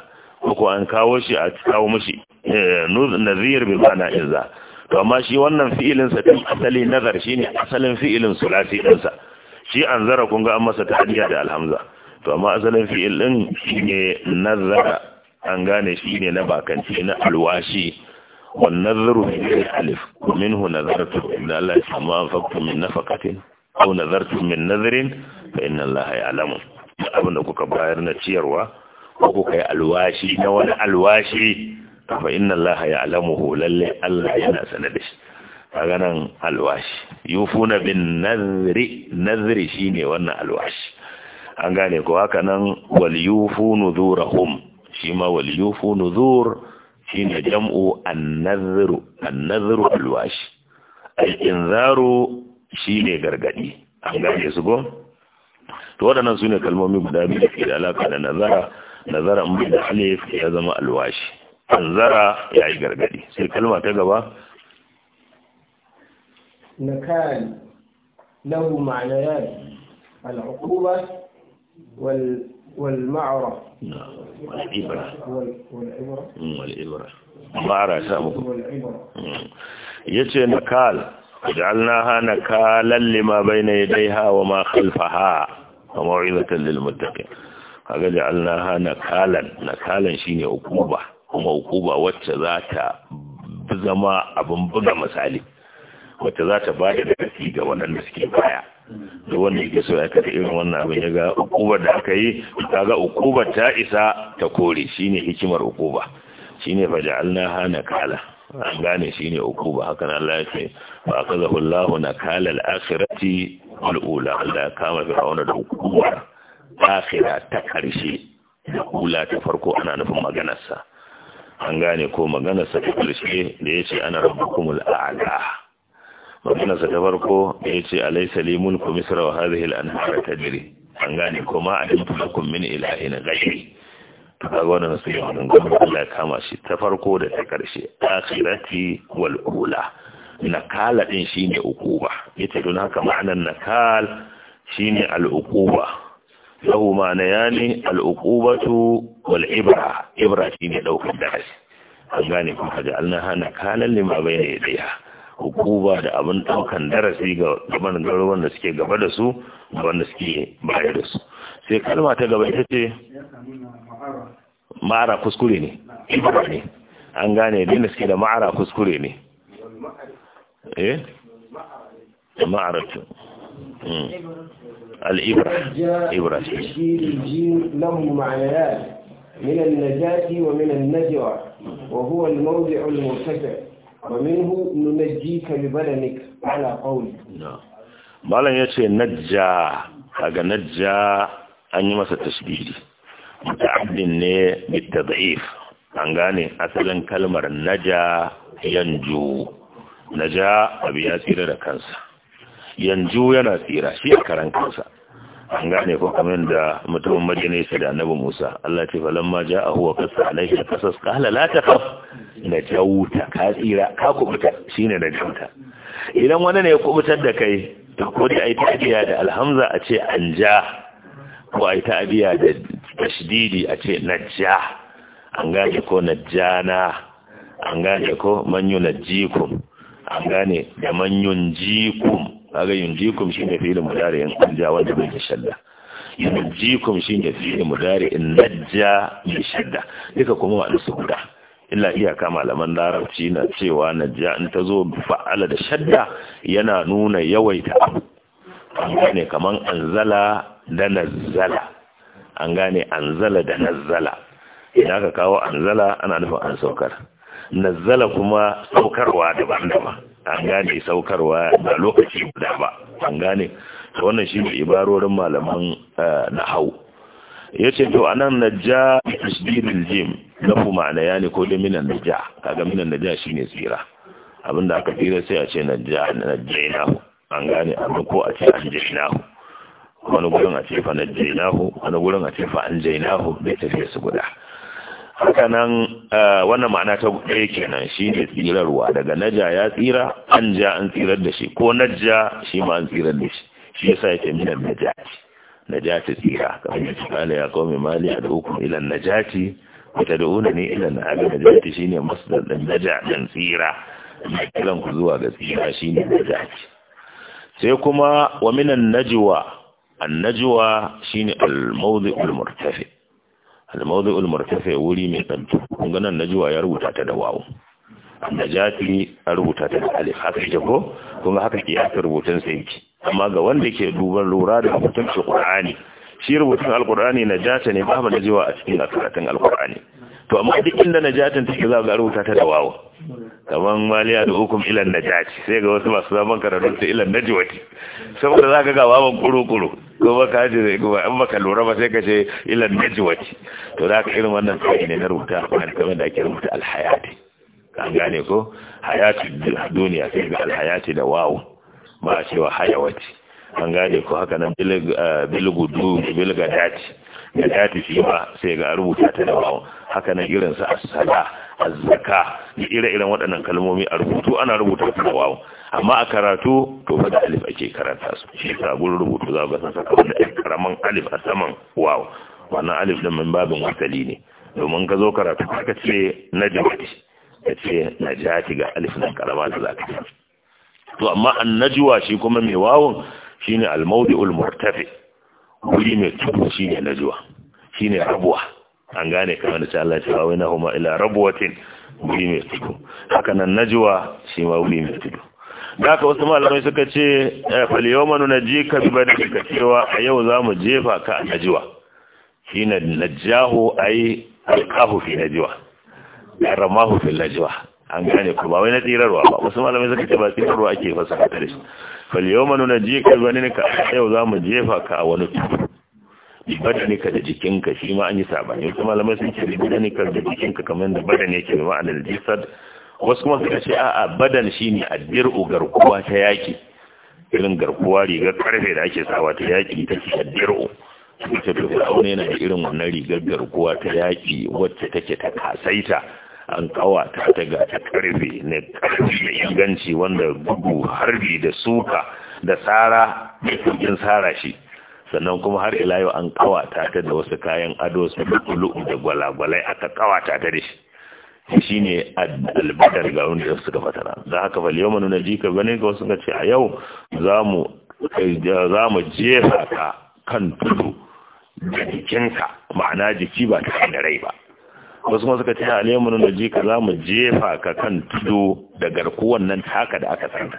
koko an kawo shi a kawo mishi eh, nazir bi ma'ana inzar to amma shi wannan fi'ilin sa din asali nazar shine asalin fi'ilin sulasi dinsa shi an zara kun ga an masa tahdiya da alhamza to amma asalin fi'il din shine nazara an gane shine na bakanci na alwashi wan nazaru fi alif minhu nazartu inna Allah sama faqtu min nafaqatin aw nazartu min nazrin fa inna allaha ya'lamu abin da kuka bayar na ciyarwa ko kuka yi alwashi na wani alwashi fa inna allaha ya'lamuhu lalle Allah yana sanar maganan alwashi yufuna bin nazri nazri shine wannan alwashi an gane ko haka nan wal yufu nuzurahum shi ma wal yufu nuzur shine jam'u an-nazru an-nazru alwashi al-inzaru shine gargadi an gane su go to waɗannan su ne kalmomi guda biyu da ke da alaka da nazara nazara mun da alif ya zama alwashi anzara ya yi gargadi sai kalma ta gaba نكال له معنيان العقوبة وال والمعرة نعم، والعبرة والعبرة والعبرة معرة سامكم والعبرة يتي نكال جعلناها نكالا لما بين يديها وما خلفها وموعظة للمتقين kaga جعلناها نكالا نكالا شيني عقوبة وما عقوبة wacce za بزما zama abin wata za ta bada da kafi ga waɗanda suke baya da wanda yake so ya kada irin wannan abin ya ga ukubar da aka yi ga ukubar ta isa ta kore shine hikimar ukuba shine faja'alna hana kala an gane shine ukuba hakan Allah ya ce fa akazahu Allahu nakala al-akhirati al-ula Allah ya kama fi auna da ukuba akhira ta karshe da ula ta farko ana nufin maganarsa an gane ko maganarsa ta karshe da ya ce ana rabbukumul a'la magana ta farko da ya ce alaysa li mulku misra wa hadhihi al-anhar tajri an gane kuma a dimtu min ilahin ghayri kaga wannan sai wannan gwamnati Allah ya kama shi ta farko da ta karshe akhirati wal ula nakala din shine ukuba yace don haka ma'anar nakal shine al-uquba lahu ma'anayani al-uqubatu wal ibra ibra shine daukar darasi an gane kuma ga Allah hana kalan lima bayna hukuba da abin daukan darasi ga gaban garo da suke gaba da su da wanda suke baya da su sai kalma ta gaba ita ce ma'ara kuskure ne ibra ne an gane din suke da ma'ara kuskure ne eh ce hmm. al-ibra ibra ce من النجاة ومن النجوة وهو الموضع المرتفع ومنه malam ya ce najja daga najja an yi masa tasbiri muta'addin ne bitad'if an gane asalin kalmar naja yanju naja abu ya tsira da kansa yanju yana tsira shi a karan kansa an gane ko kamar da mutumin madina ya da annabi Musa Allah ce lamma ja'a huwa qasa alaihi qasas qala la takhaf najauta ka tsira ka kubuta shine najauta idan wani ne ya kubutar da kai to ko dai ai tabiya da alhamza a ce anja ko ai tabiya da tashdidi a ce najja an gane ko najjana an gane ko manyu yunajjikum an gane da manyun jikum kaga yunjikum shine fi'il mudari in an wanda bai da shadda yunjikum shine fi'il mudari in najja bi shadda duka kuma wa guda illa iyaka malaman larabci na cewa najja in ta zo fa'ala da shadda yana nuna yawaita ne an kaman anzala da nazzala an gane anzala da nazzala idan ka kawo anzala ana nufin an saukar nazzala kuma saukarwa daban-daban an gane saukarwa a lokaci guda ba an gane wannan shi ne ibarorin malaman eh, hau ya ce to anan ja tashdidil jim lafu ma'ana ne ko da minan najja kaga minan shi ne tsira abinda aka tsira sai a ce na na ja na hu an gane abin ko a ce an hu wani gurin a ce fa najjainahu wani gurin a ce fa an jainahu bai tafiya su guda hakanan eh, wannan ma'ana ta ɗaya kenan shi ne tsirarwa daga naja ya tsira an ja an tsirar da shi ko najja shi ma an tsirar da shi shi ya sa yake minan najati najati tsira kamar yadda kala ya kawo mai mali a dukkan ilan najati wata da wuna ne ilan na abin najati shi ne masu da naja ɗan tsira na kiran ku zuwa ga tsira shi ne najati sai kuma wa minan najwa an najwa shi ne al-mawdi murtafi al-mawdu'ul murtafi wuri mai tsantu kun ga nan najwa ya rubuta ta da wawu najati a rubuta ta da alif haka yake ko kun ga haka kiyasin rubutun sa yake amma ga wanda ke duban lura da rubutun qur'ani shi rubutun al-qur'ani najata ne ba mu najwa a cikin karatun al-qur'ani to amma duk inda najatin take za ga rubuta ta dawawa kaman maliya da hukum ilan najati sai ga wasu masu zaman karatu ta ilan najwati saboda za ka ga wawan kuru-kuru ko baka ji zai kuma an baka lura ba sai ka ce ilan najwati to za ka irin wannan tsari ne na rubuta Ba a kamar da ake rubuta alhayati an gane ko hayati duniya sai ga alhayati da wawo ba cewa hayawati an gane ko haka nan bilgudu eh, bilgadati ya dace shi ba sai ga rubuta ta da wawo haka nan irin su as-sala az-zaka da ire-iren waɗannan kalmomi a rubutu ana rubuta ta da wawo amma a karatu to fa da alif ake karanta su shi ka gurin rubutu za ka san saka wanda karaman alif a saman wawo wannan alif din min babin wasali ne domin ka zo karatu ka ce najmati ka ce najati ga alif nan karama da za ka to amma an najwa shi kuma mai wawon shine al-mawdi'ul murtafi wuri mai tudu shi ne zuwa shi ne rabuwa an gane kamar da shi Allah ce wawai na huma ila rabuwatin wuri mai tudu haka nan zuwa shi ma wuri mai tudu da aka wasu malamai suka ce eh, manu na ji ka bi bada cewa a yau za mu jefa ka a najiwa?' shi na najahu a yi alkahu fi da ramahu fi najuwa an gane ku ba wai na tsirarwa ba wasu malamai suka ce ba tsirarwa ake fasa da shi falyoma nuna jika wani ka yau za mu jefa ka a wani tudu badanika da jikinka shi ma an yi sabani wasu malamai sun ce badanika da jikinka kamar da badan yake da ma'anar jisad wasu kuma suka ce a'a badan shi ne a dir'u garkuwa ta yaki irin garkuwa rigar karfe da ake sawa ta yaki ita ce dir'u. suka ce to fir'auna yana da irin wannan rigar garkuwa ta yaki wacce take ta kasaita an kawa ta ga ta karfe ne karfe inganci wanda bugu harbi da suka da tsara da kogin tsara shi sannan kuma har ila yau an kawa ta da wasu kayan ado su lu'u da gwalagwalai aka kawata ta da shi shi ne albadar ga wanda suka fatara za haka fal yau manuna ka gani ga wasu ce a yau za mu jefa ka kan tudu da jikinka ma'ana jiki ba ta da rai ba wasu kuma suka ce alimun da ji ka za mu jefa ka kan tudu da garkuwan nan haka da aka tsanta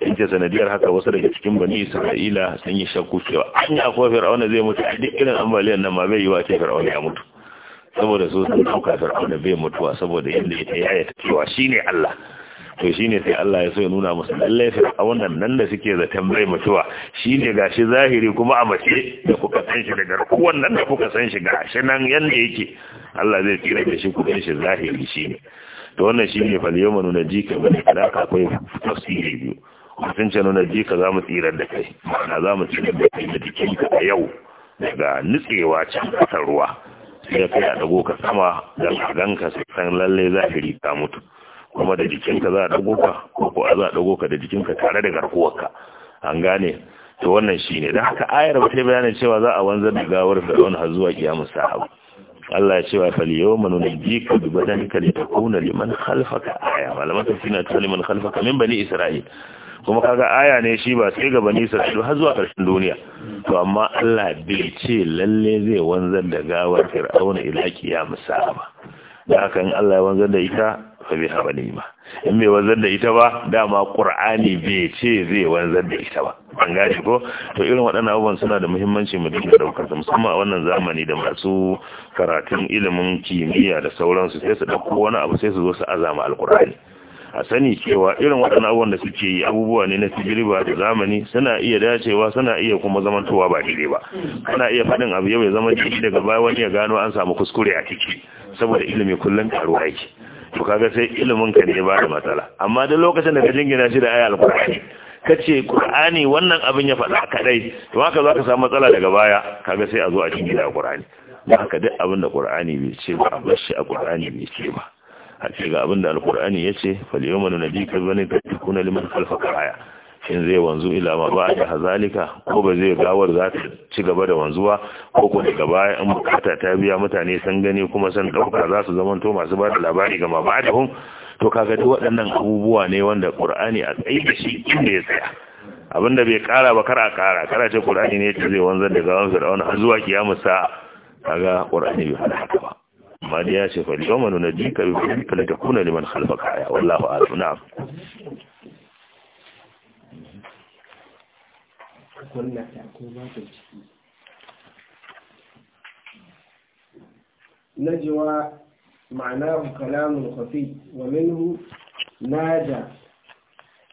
in ce sanadiyar haka wasu daga cikin bani isra'ila sun yi shakku cewa an yi akwai fir'auna zai mutu a duk irin ambaliyar nan ma bai yi wace fir'aun ya mutu saboda su sun fir'auna bai mutuwa saboda yadda ya ta yaya ta cewa ne allah to shine sai Allah ya so ya nuna musu lallai fir'aun nan da suke zaton bai mutuwa shine gashi zahiri kuma a mace da kuka san shi daga ruwan nan da kuka san shi gashi nan yanda yake Allah zai tsira da shi ku shi zahiri shine to wannan shine fal yawma nunajika bi alaka akwai tafsiri biyu mutum ce nuna jika za mu tsirar da kai ma'ana za mu tsira da kai da jikinka ka yau daga nutsewa can kasar ruwa sai ka kai a dago ka sama don a ganka sai san lalle zahiri ka mutu kuma da jikinka za a dago ka ko ko za a dago ka da jikinka tare da garkuwarka an gane to wannan shine da haka ayar ba ta bayanin cewa za a wanzar da gawar da fir'aun har zuwa kiyamu sa'a Allah ya ce wa fal yawma nunjika bi badanika li takuna liman khalfaka aya malaman suna ta liman khalfaka min bani isra'il kuma kaga aya ne shi ba sai ga bani isra'il har zuwa karshen duniya to amma Allah bai ce lalle zai wanzar da gawar fir'auna ila kiyamu sa'a ba da haka in Allah ya wanzar da ita fa biha wa in bai wanzar da ita ba dama ƙur'ani bai ce zai wanzar da ita ba an gashi ko to irin waɗannan abubuwan suna da muhimmanci mu dinga daukar musamman a wannan zamani da masu karatun ilimin kimiyya da sauransu sai su dauko wani abu sai su zo su azama alqur'ani a sani cewa irin waɗannan abubuwan da suke yi abubuwa ne na tijiriba da zamani suna iya dacewa suna iya kuma zamantowa ba daidai ba kana iya faɗin abu yau ya zama ciki daga baya wani ya gano an samu kuskure a ciki saboda ilimi kullum karuwa yake to kaga sai ilimin ka ne ba da matsala amma duk lokacin da ka jingina shi da ayat alqur'ani kace qur'ani wannan abin ya faɗa kadai to haka zaka samu matsala daga baya kaga sai a zo a jingina qur'ani da haka duk abin da qur'ani bai ce ba a shi a qur'ani bai ce ba a ce ga abin da alqur'ani yace fal yawma nabika bi takuna liman khalfaka aya shin zai wanzu ila ma ba da hazalika ko ba zai gawar za ta ci gaba da wanzuwa ko ko daga baya in bukata ta biya mutane san gani kuma san dauka za su zama to masu ba da labari ga mabadahum to kaga duk waɗannan abubuwa ne wanda Qur'ani a tsayi da shi inda ya tsaya abinda bai kara ba kar a kara kara ce Qur'ani ne zai wanzar da da Fir'auna har zuwa kiyamar sa kaga Qur'ani bai hada haka ba amma dai ya ce fa yawma nunajjika bi fadlika litakuna liman khalfaka aya wallahu a'lam wannan ta ko ba معناه كلام خفي ومنه ناجى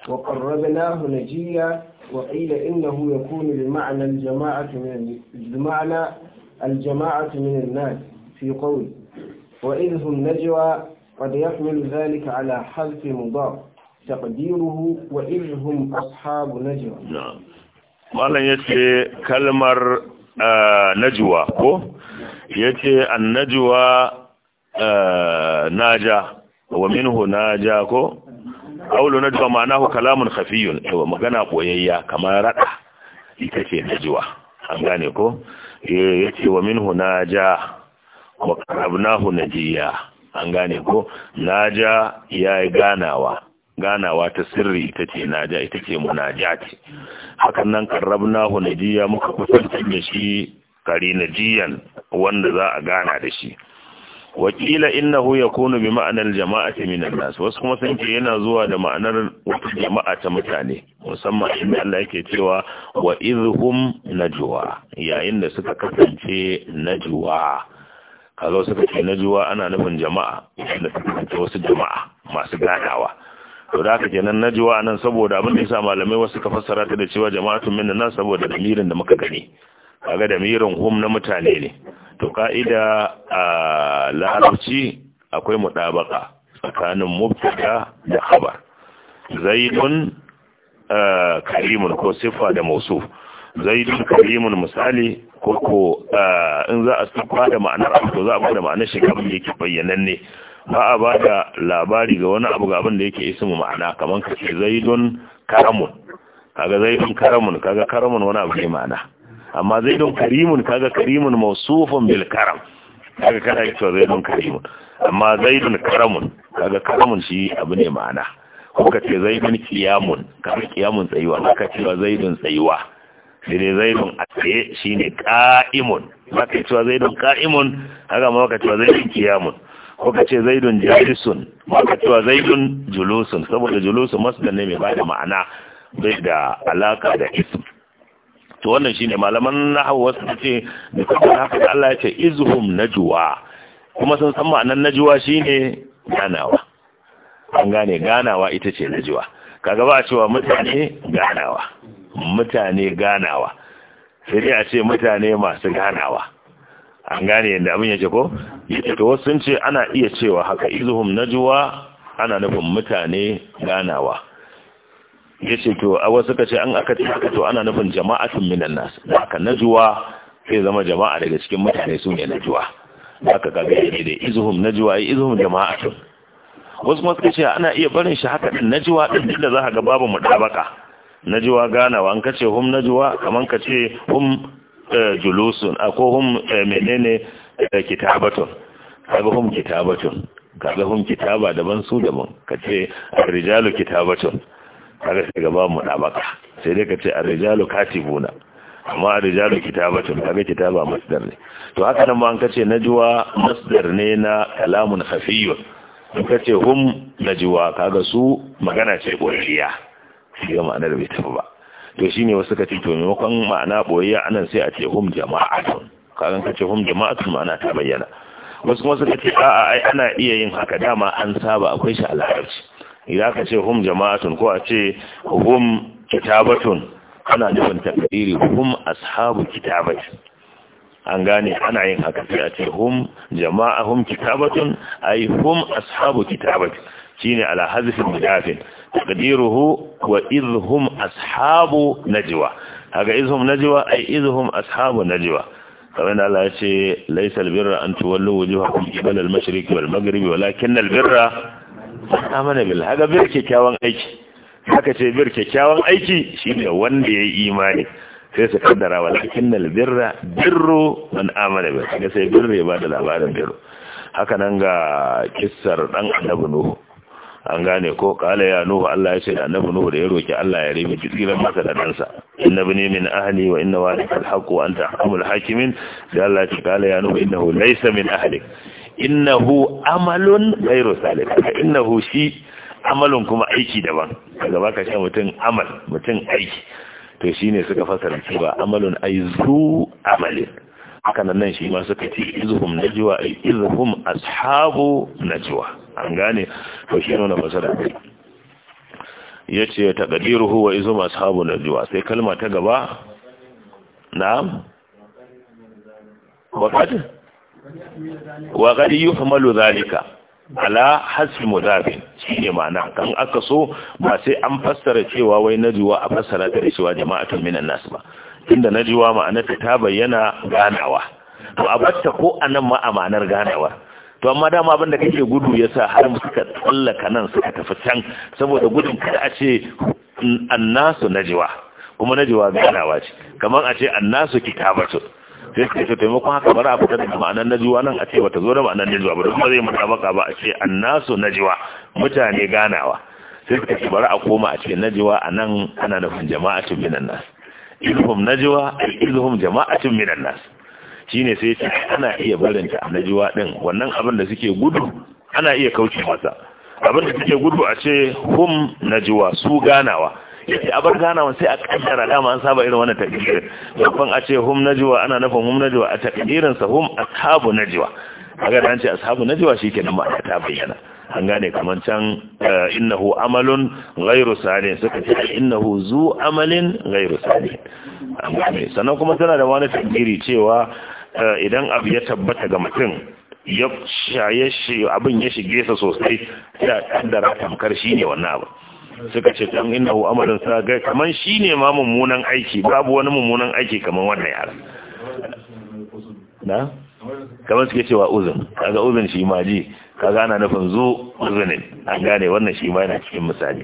وقربناه نجيا وقيل إنه يكون بمعنى الجماعة من بمعنى الجماعة من الناس في قول وإذ هم نجوى قد يحمل ذلك على حذف مضاف تقديره وإذ هم أصحاب نجوى نعم malam ya ce kalmar eh, najuwa ko ya ce an na eh, naja wa minhu naja ko aulu najuwa ku kalamun hafiyun yawa magana boyayya kamar rada ita ce najuwa an gane ko eh, ya ce wa minhu naja wa karabnahu najiya an gane ko naja ya yi ganawa ganawa ta sirri ita ce naja ita ce ce hakan nan karrabna najiya muka kusantar da shi najiyan wanda za a gana da shi wakila innahu yakunu bi ma'anar jama'ati minan nas wasu kuma sun ce yana zuwa da ma'anar wata jama'a ta mutane musamman inda Allah yake cewa wa idhum najwa yayin da suka kasance najwa kazo suka ce najwa ana nufin jama'a inda suka kasance wasu jama'a masu gadawa. to da haka kenan najwa nan saboda abin da yasa malamai wasu ka fassara ta da cewa jama'atun minna nan saboda damirin da muka gani kaga damirin hum na mutane ne to ka'ida a larabci akwai mudabaka tsakanin mubtada da khabar zaidun karimun ko sifa da mausuf zaidun karimun misali ko ko in za a sifa da ma'anar abu to za a bada ma'anar shi kamar yake bayyananne ba a ba da labari ga wani abu ga abin da yake ismu ma'ana kamar ka ce zaidun karamun kaga zaidun karamun kaga karamun wani abu ne ma'ana amma zaidun karimun kaga karimun mausufun bil karam kaga kana cewa zaidun karimun amma zaidun karamun kaga karamun shi abu ne ma'ana ko ka ce zaidun kiyamun kaga kiyamun tsayuwa ka cewa zaidun tsayuwa sai dai zaidun a tsaye shine ka'imun zaka cewa zaidun ka'imun haka ma zaka cewa zaidun kiyamun ko ce zaidun jalisun cewa zaidun julusun saboda julusun masdar ne mai ba da ma'ana bai da alaka da ism to wannan shine malaman nahwu wasu ce da kuma haka Allah ya ce izhum najwa kuma sun san ma'anar najwa shine ganawa an gane ganawa ita ce najwa kaga ba a cewa mutane ganawa mutane ganawa sai ce mutane masu ganawa an gane yadda abin yake ko to wasu sun ce ana iya cewa haka izuhum najwa ana nufin mutane ganawa yace to a wasu kace an aka haka to ana nufin jama'atun minan nas haka najwa sai zama jama'a daga cikin mutane su ne najwa haka kaga yake da izuhum najwa izuhun izuhum jama'atun wasu masu suka ce ana iya barin shi haka din najwa din da za ka ga babu mudabaka najwa ganawa an kace hum najwa kaman kace hum Eh, julusun ko hum eh, menene eh, kitabatun kaga hum kitabatun kaga hum kitaba daban su daban kace a rijalu kitabatun kaga sai gaba mu dabaka sai dai kace a rijalu katibuna amma a rijalu kitabatun kaga kitaba masdar ne to haka nan ma an kace najwa masdar ne na kalamun khafiyun in kace hum najwa kaga su magana ce goriya shi ga ma'anar bai tafi ba to shi ne wasu ka ce to ma'ana ma'ana boyayya anan sai a ce hum jama'atun kagan ka ce hum jama'atun ma'ana ta bayyana wasu kuma suka ce a'a ai ana iya yin haka dama an saba akwai shi al'adarci idan ka ce hum jama'atun ko a ce hum kitabatun ana nufin takdiri hum ashabu kitabat. an gane ana yin haka sai a ce hum jama'ahum kitabatun ai hum ashabu kitabat shine ala hazfin mudafin taqdiruhu wa izhum ashabu najwa kaga izhum najwa ay izhum ashabu najwa kamar da Allah ya ce laysa albirra an tuwallu wujuhakum qibala al-mashriq wal maghrib walakin albirra amana bil haga bir kyakkyawan aiki haka ce bir kyakkyawan aiki shine wanda yayi imani sai su kaddara walakin albirra birru man amana bil kaga sai birru ya bada labarin birru haka nan ga kissar dan annabi nuhu an gane ko kala ya nuhu Allah ya ce da annabi nuhu da ya roki Allah ya rabe ki masa da dansa innabi ne min ahli wa inna walika alhaq wa anta ahkamul hakimin da Allah ya ce kala ya nuhu innahu laysa min ahli innahu amalun ghayru salih innahu shi amalun kuma aiki daban daga baka ce mutum amal mutum aiki to shine suka fasara cewa amalun aizu amalin haka nan shi ma suka ce izhum najwa izhum ashabu najwa an gane to shi nuna fasara ya ce ta huwa izo masu sai kalma ta gaba na waƙad wa yi zalika ala hasfi mudafin shine ma'ana kan aka so ba sai an fassara cewa wai na juwa a fassara ta da cewa jama'atun minan nasu ba tunda na juwa ma'anarta ta bayyana ganawa to a batta ko anan ma a ma'anar ganawa to amma dama abin da kake gudu yasa har suka tsallaka nan suka tafi can saboda gudun kada a ce annasu najiwa kuma najiwa ganawa ce kamar a ce annasu kitabatu sai ka ce taimakon haka bar'a a fitar da ma'anar najiwa nan a ce bata zo da ma'anar najiwa ba kuma zai mutabaka ba a ce annasu najiwa mutane ganawa sai ka ce bara a koma a ce a nan ana nufin jama'atun minan nasu ilhum najiwa ilhum jama'atun minan nasu ne sai ce ana iya barinta a jiwa din wannan abin da suke gudu ana iya kauce masa abin da suke gudu a ce hum jiwa su ganawa yake abar ganawa sai a kaddara dama an saba irin wannan takdirin kafin a ce hum jiwa ana nufin hum jiwa a takdirin sa hum ashabu najwa kaga dan ce ashabu shike nan ma ta bayyana an gane kaman can eh, innahu amalun ghairu salih suka ce innahu zu amalin ghairu salih an gane sannan kuma tana da wani takdiri cewa Eh, idan abu ya tabbata ga mutum ya shaye shi abin ya shige sa sosai da kaddara tamkar shi ne wannan abu suka ce dan innahu sa ga kaman shi ne ma mummunan aiki babu wani mummunan aiki kaman wannan yara na kamar suke cewa uzun kaga uzun shi ma ji kaga ana nufin zo uzunin an gane wannan shi ma yana cikin misali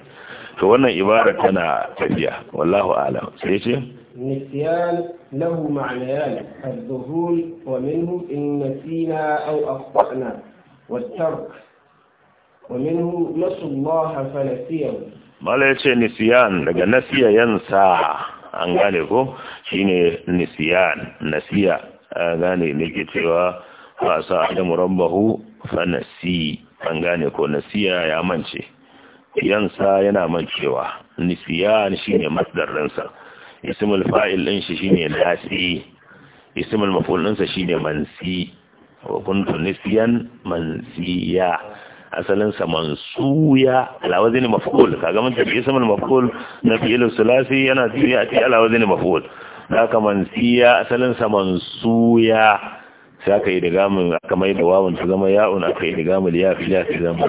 to wannan ibara tana tafiya wallahu a'lam sai ce النسيان له معنيان الذهول ومنه إن نسينا أو أخطأنا والترك ومنه نسوا الله فنسيه ما ليش نسيان لقى نسيا ينسى أنغاليكو شيني نسيان نسيا أغاني نجتوا فاسا عدم ربه فنسي أنغاليكو نسيا يا منشي ينسى ينا منشيوا نسيان شيني مصدر ينسى اسم fa'il din shi shine nasi ismul maf'ul din sa shine mansi wa kuntu nisyan mansiya على وزن mansuya ala wazni maf'ul kaga mun tafi ismul maf'ul na fi'il sulasi yana tafiya a ala wazni maf'ul haka mansiya asalin sai aka yi aka mai da wawan ta zama aka yi ya fi ya fi zama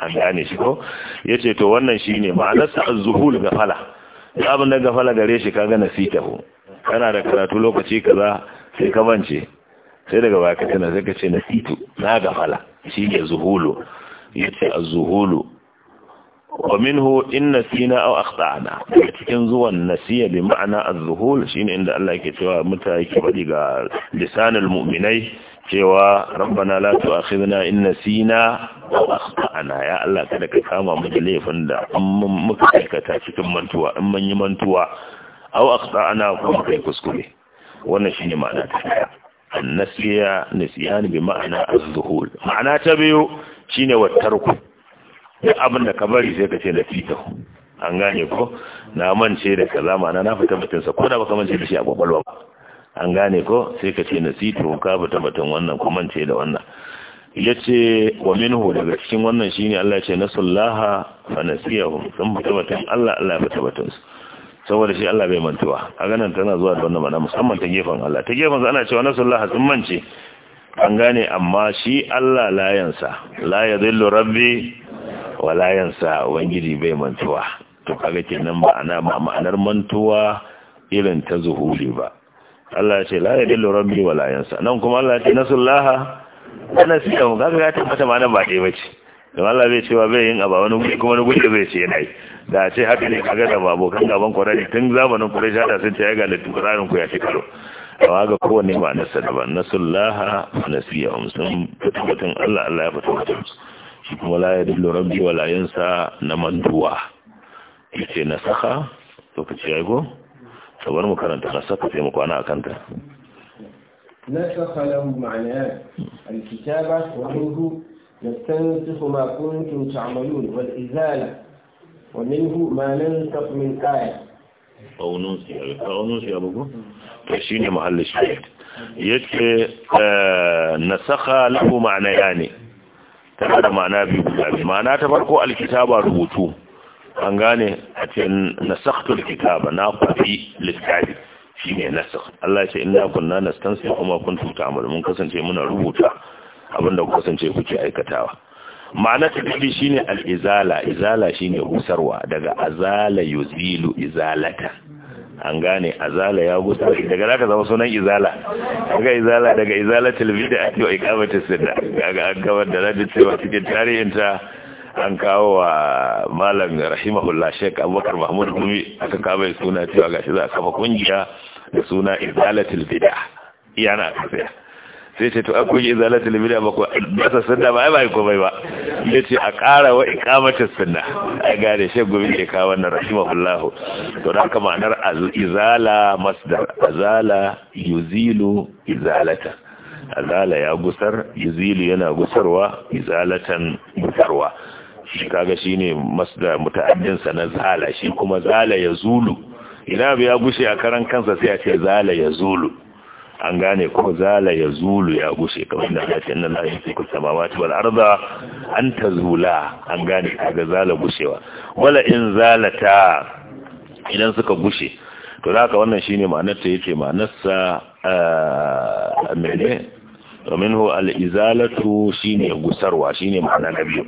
an gane shi ko ya ce to wannan shi ne ma'anarsa a zuhul gafala da abin da gafala gare shi kaga nasitahu kana da karatu lokaci kaza sai ka bance sai daga baka tana sai ka ce nasitu na gafala shi ne zuhulu yace az-zuhulu wa minhu in sina aw akhtana cikin zuwan nasiya bi ma'ana az-zuhul shine inda Allah yake cewa mutane ke bari ga lisanul mu'minai cewa rabbana la tu'akhidna in nasina wa akhtana ya Allah kada ka kama mu da laifin da mun muka aikata cikin mantuwa in mun yi mantuwa aw akhtana ko muka yi kuskure wannan shine ma'ana ta daya annasiya nisyan bi ma'ana az-zuhul ma'ana ta biyu shine wattarku. abin da ka bari sai ka ce da fita an gane ko na mance da kaza ma'ana na fita mutunsa ko da baka mance da shi a kwakwalwa ba an gane ko sai ka ce nasitu ka bata batun wannan kuma ce da wannan Ya ce wa minhu daga cikin wannan shine Allah ya ce nasullaha fa nasiyahum sun bata batun Allah Allah ya bata batun su saboda shi Allah bai mantuwa a ganin tana zuwa da wannan mana musamman ta gefen Allah ta gefen ana cewa nasullaha sun mance an gane amma shi Allah layansa la yadhillu rabbi wa layansa ubangiji bai mantuwa to kaga kenan ba ana ma'anar mantuwa irin ta zuhuri ba Allah ya ce la yadillu rabbi wala yansa nan kuma Allah ya ce nasullaha ana siya mu kaga ya tabbata ma nan ba dai bace don Allah bai cewa bai yin aba wani guri kuma wani guri bai ce yana yi da ce haka ne kaga da babo kan gaban Qur'ani tun zamanin kuraisha da sun ce ya ga littun Qur'anin ku ya ce karo wa ga kowanne ba nasa da ba nasullaha ana nasiya hum sun mutum Allah Allah ya fito mutum shi kuma la yadillu rabbi wala yansa na manduwa yace nasaha to kace ai go ta bari mu karanta na saka fi kwana a kanta na saka lan ma'anar al ba su hudu na sanarci su makonikin ta'amalun wal izala wa min hu ma'anar saka min kaya faunin siyar faunin siyar bugu ta shi yake eh, na saka lan ma'anar ya ne da ma'ana biyu guda biyu ma'ana ta farko al ba rubutu an gane a ce nasaktul kitaba na kwafi littafi shine ne nasak Allah ce inna kunna nastansi kuma kun tuta amur mun kasance muna rubuta abinda ku kasance kuke aikatawa ma'ana ta dubi shine al-izala izala shine gusarwa daga azala yuzilu izalata an gane azala ya gusar daga zaka zama sunan izala daga izala daga izalatul bid'a wa iqamatus sunnah daga an gabar da rabbi cewa cikin tarihin ta an kawo wa malam rahimahullah sheik abubakar mahmud gumi aka kawo mai suna cewa gashi za a kafa kungiya da suna izalatul bid'a iya na sai ce to a kungiya izalatul bid'a ba ko ba sa sunna ba ai ba ko bai ba yace a ƙara wa iqamatus sunna ai gare sheik gumi ke kawo wannan rahimahullah to da haka ma'anar izala masdar azala yuzilu izalata azala ya gusar yuzilu yana gusarwa izalatan gusarwa shi kaga shine masdar muta'addin sa na zala shi kuma zala yazulu ina bai ya gushe a karan kansa sai a ce zala yazulu an gane ko zala yazulu ya gushe kamar da Allah inna lillahi kusa inna samawati wal arda an tazula an gane kaga zala gushewa wala in zalata idan suka gushe to za ka wannan shine ma'anar ta yace ma'anar sa eh, mene ومنه الازاله شيء يغسروا شيء معنى نبيه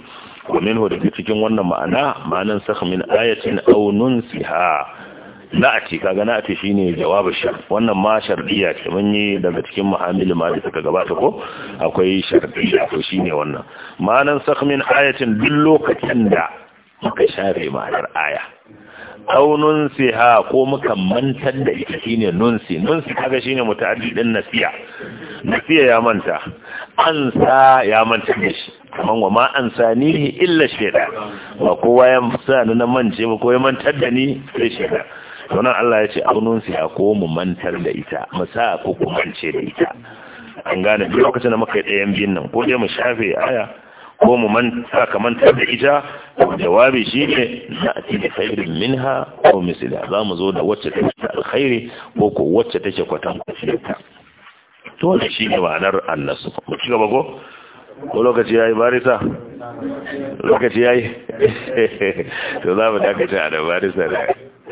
ومنه daga cikin wannan ma'ana ma'anan sakh min ayatin aw nunsiha na'ati kaga na'ati shine jawabu shi wannan ma shardiya ce mun yi daga cikin muhammil ma da suka gabata ko akwai shardiya to shine wannan ma'anan sakh min ayatin duk lokacin da muka share ma'anar aya aw nunsiha ko muka mantar da ita shine nunsi nunsi kaga shine muta'addi din nasiya nasiya ya manta An sa ya manta da shi kaman wa ma an sani illa shaida ba kowa ya sa ni na mance ba ko ya mantar da ni da shaida to Allah ya ce aunun si ko mu mantar da ita mu sa ko ku mance da ita an gane duk lokacin da muka yi ɗayan biyun nan ko dai mu shafe aya ko mu manta ka mantar da ita jawabi shine na'ti bi khairin minha ko misali za mu zo da wacce ta ta alkhairi ko ko wacce take kwatan kwatan ta to wannan shine ma'anar annasu ku ci gaba ko ko lokaci ya yi barisa lokaci ya yi to za mu dakata a da barisa da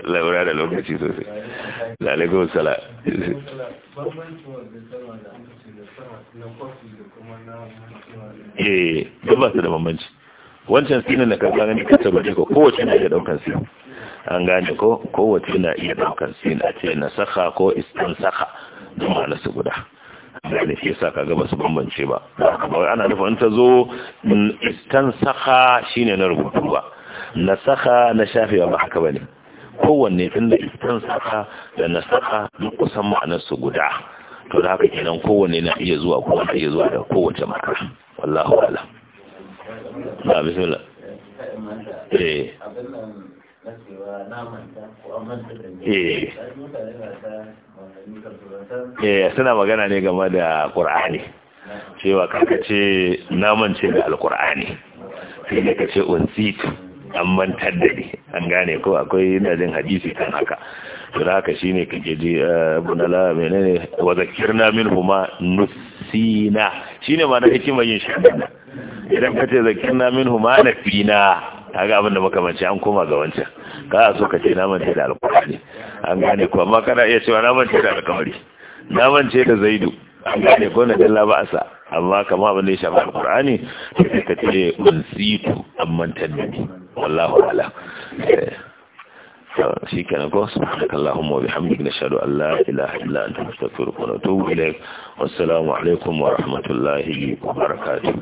laura da lokaci sosai da sala eh ba ba su da bambanci wancan sinin na karfa gani ka tabbaci ko kowace na iya daukar sinin an gane ko kowace na iya daukar sinin a ce na saka ko istin saka don ma'ana guda da ke sa ka gaba su bambance ba kamar ana nufin ta zo istan istansakha shine na rubutu ba Na saka na shafewa ba haka bane kowanne tunda saka da na saka duk kusan ma'anar su guda to da haka kenan kowanne na iya zuwa ko na iya zuwa da kowace maka wallahu ala. na bismillah eh Eh. eh suna magana ne game da ƙur'ani cewa ce naman ce da alƙur'ani sai ka ce unsitu an mantar da ni an gane ko akwai ina jin hadisi kan haka to da shi ne kake ji eh, bunala menene wa zakirna minhuma nusina ne ma na hikima yin shi idan kace zakirna fi na. kaga abin da makamanci an koma ga wancan ka so ka ce na mance da alƙawari an gane ko amma kana iya cewa na mance da alƙawari na mance da zaidu an gane ko na dalla ba sa amma kama abin da ya shafi ta sai ka ce unsitu an mantan da ni wallahu ala eh, shi kenan ko subhanakallahumma wa na nashhadu an ila ilaha illa tafi nastaghfiruka wa to wule wasu alaikum wa rahmatullahi wa barakatuh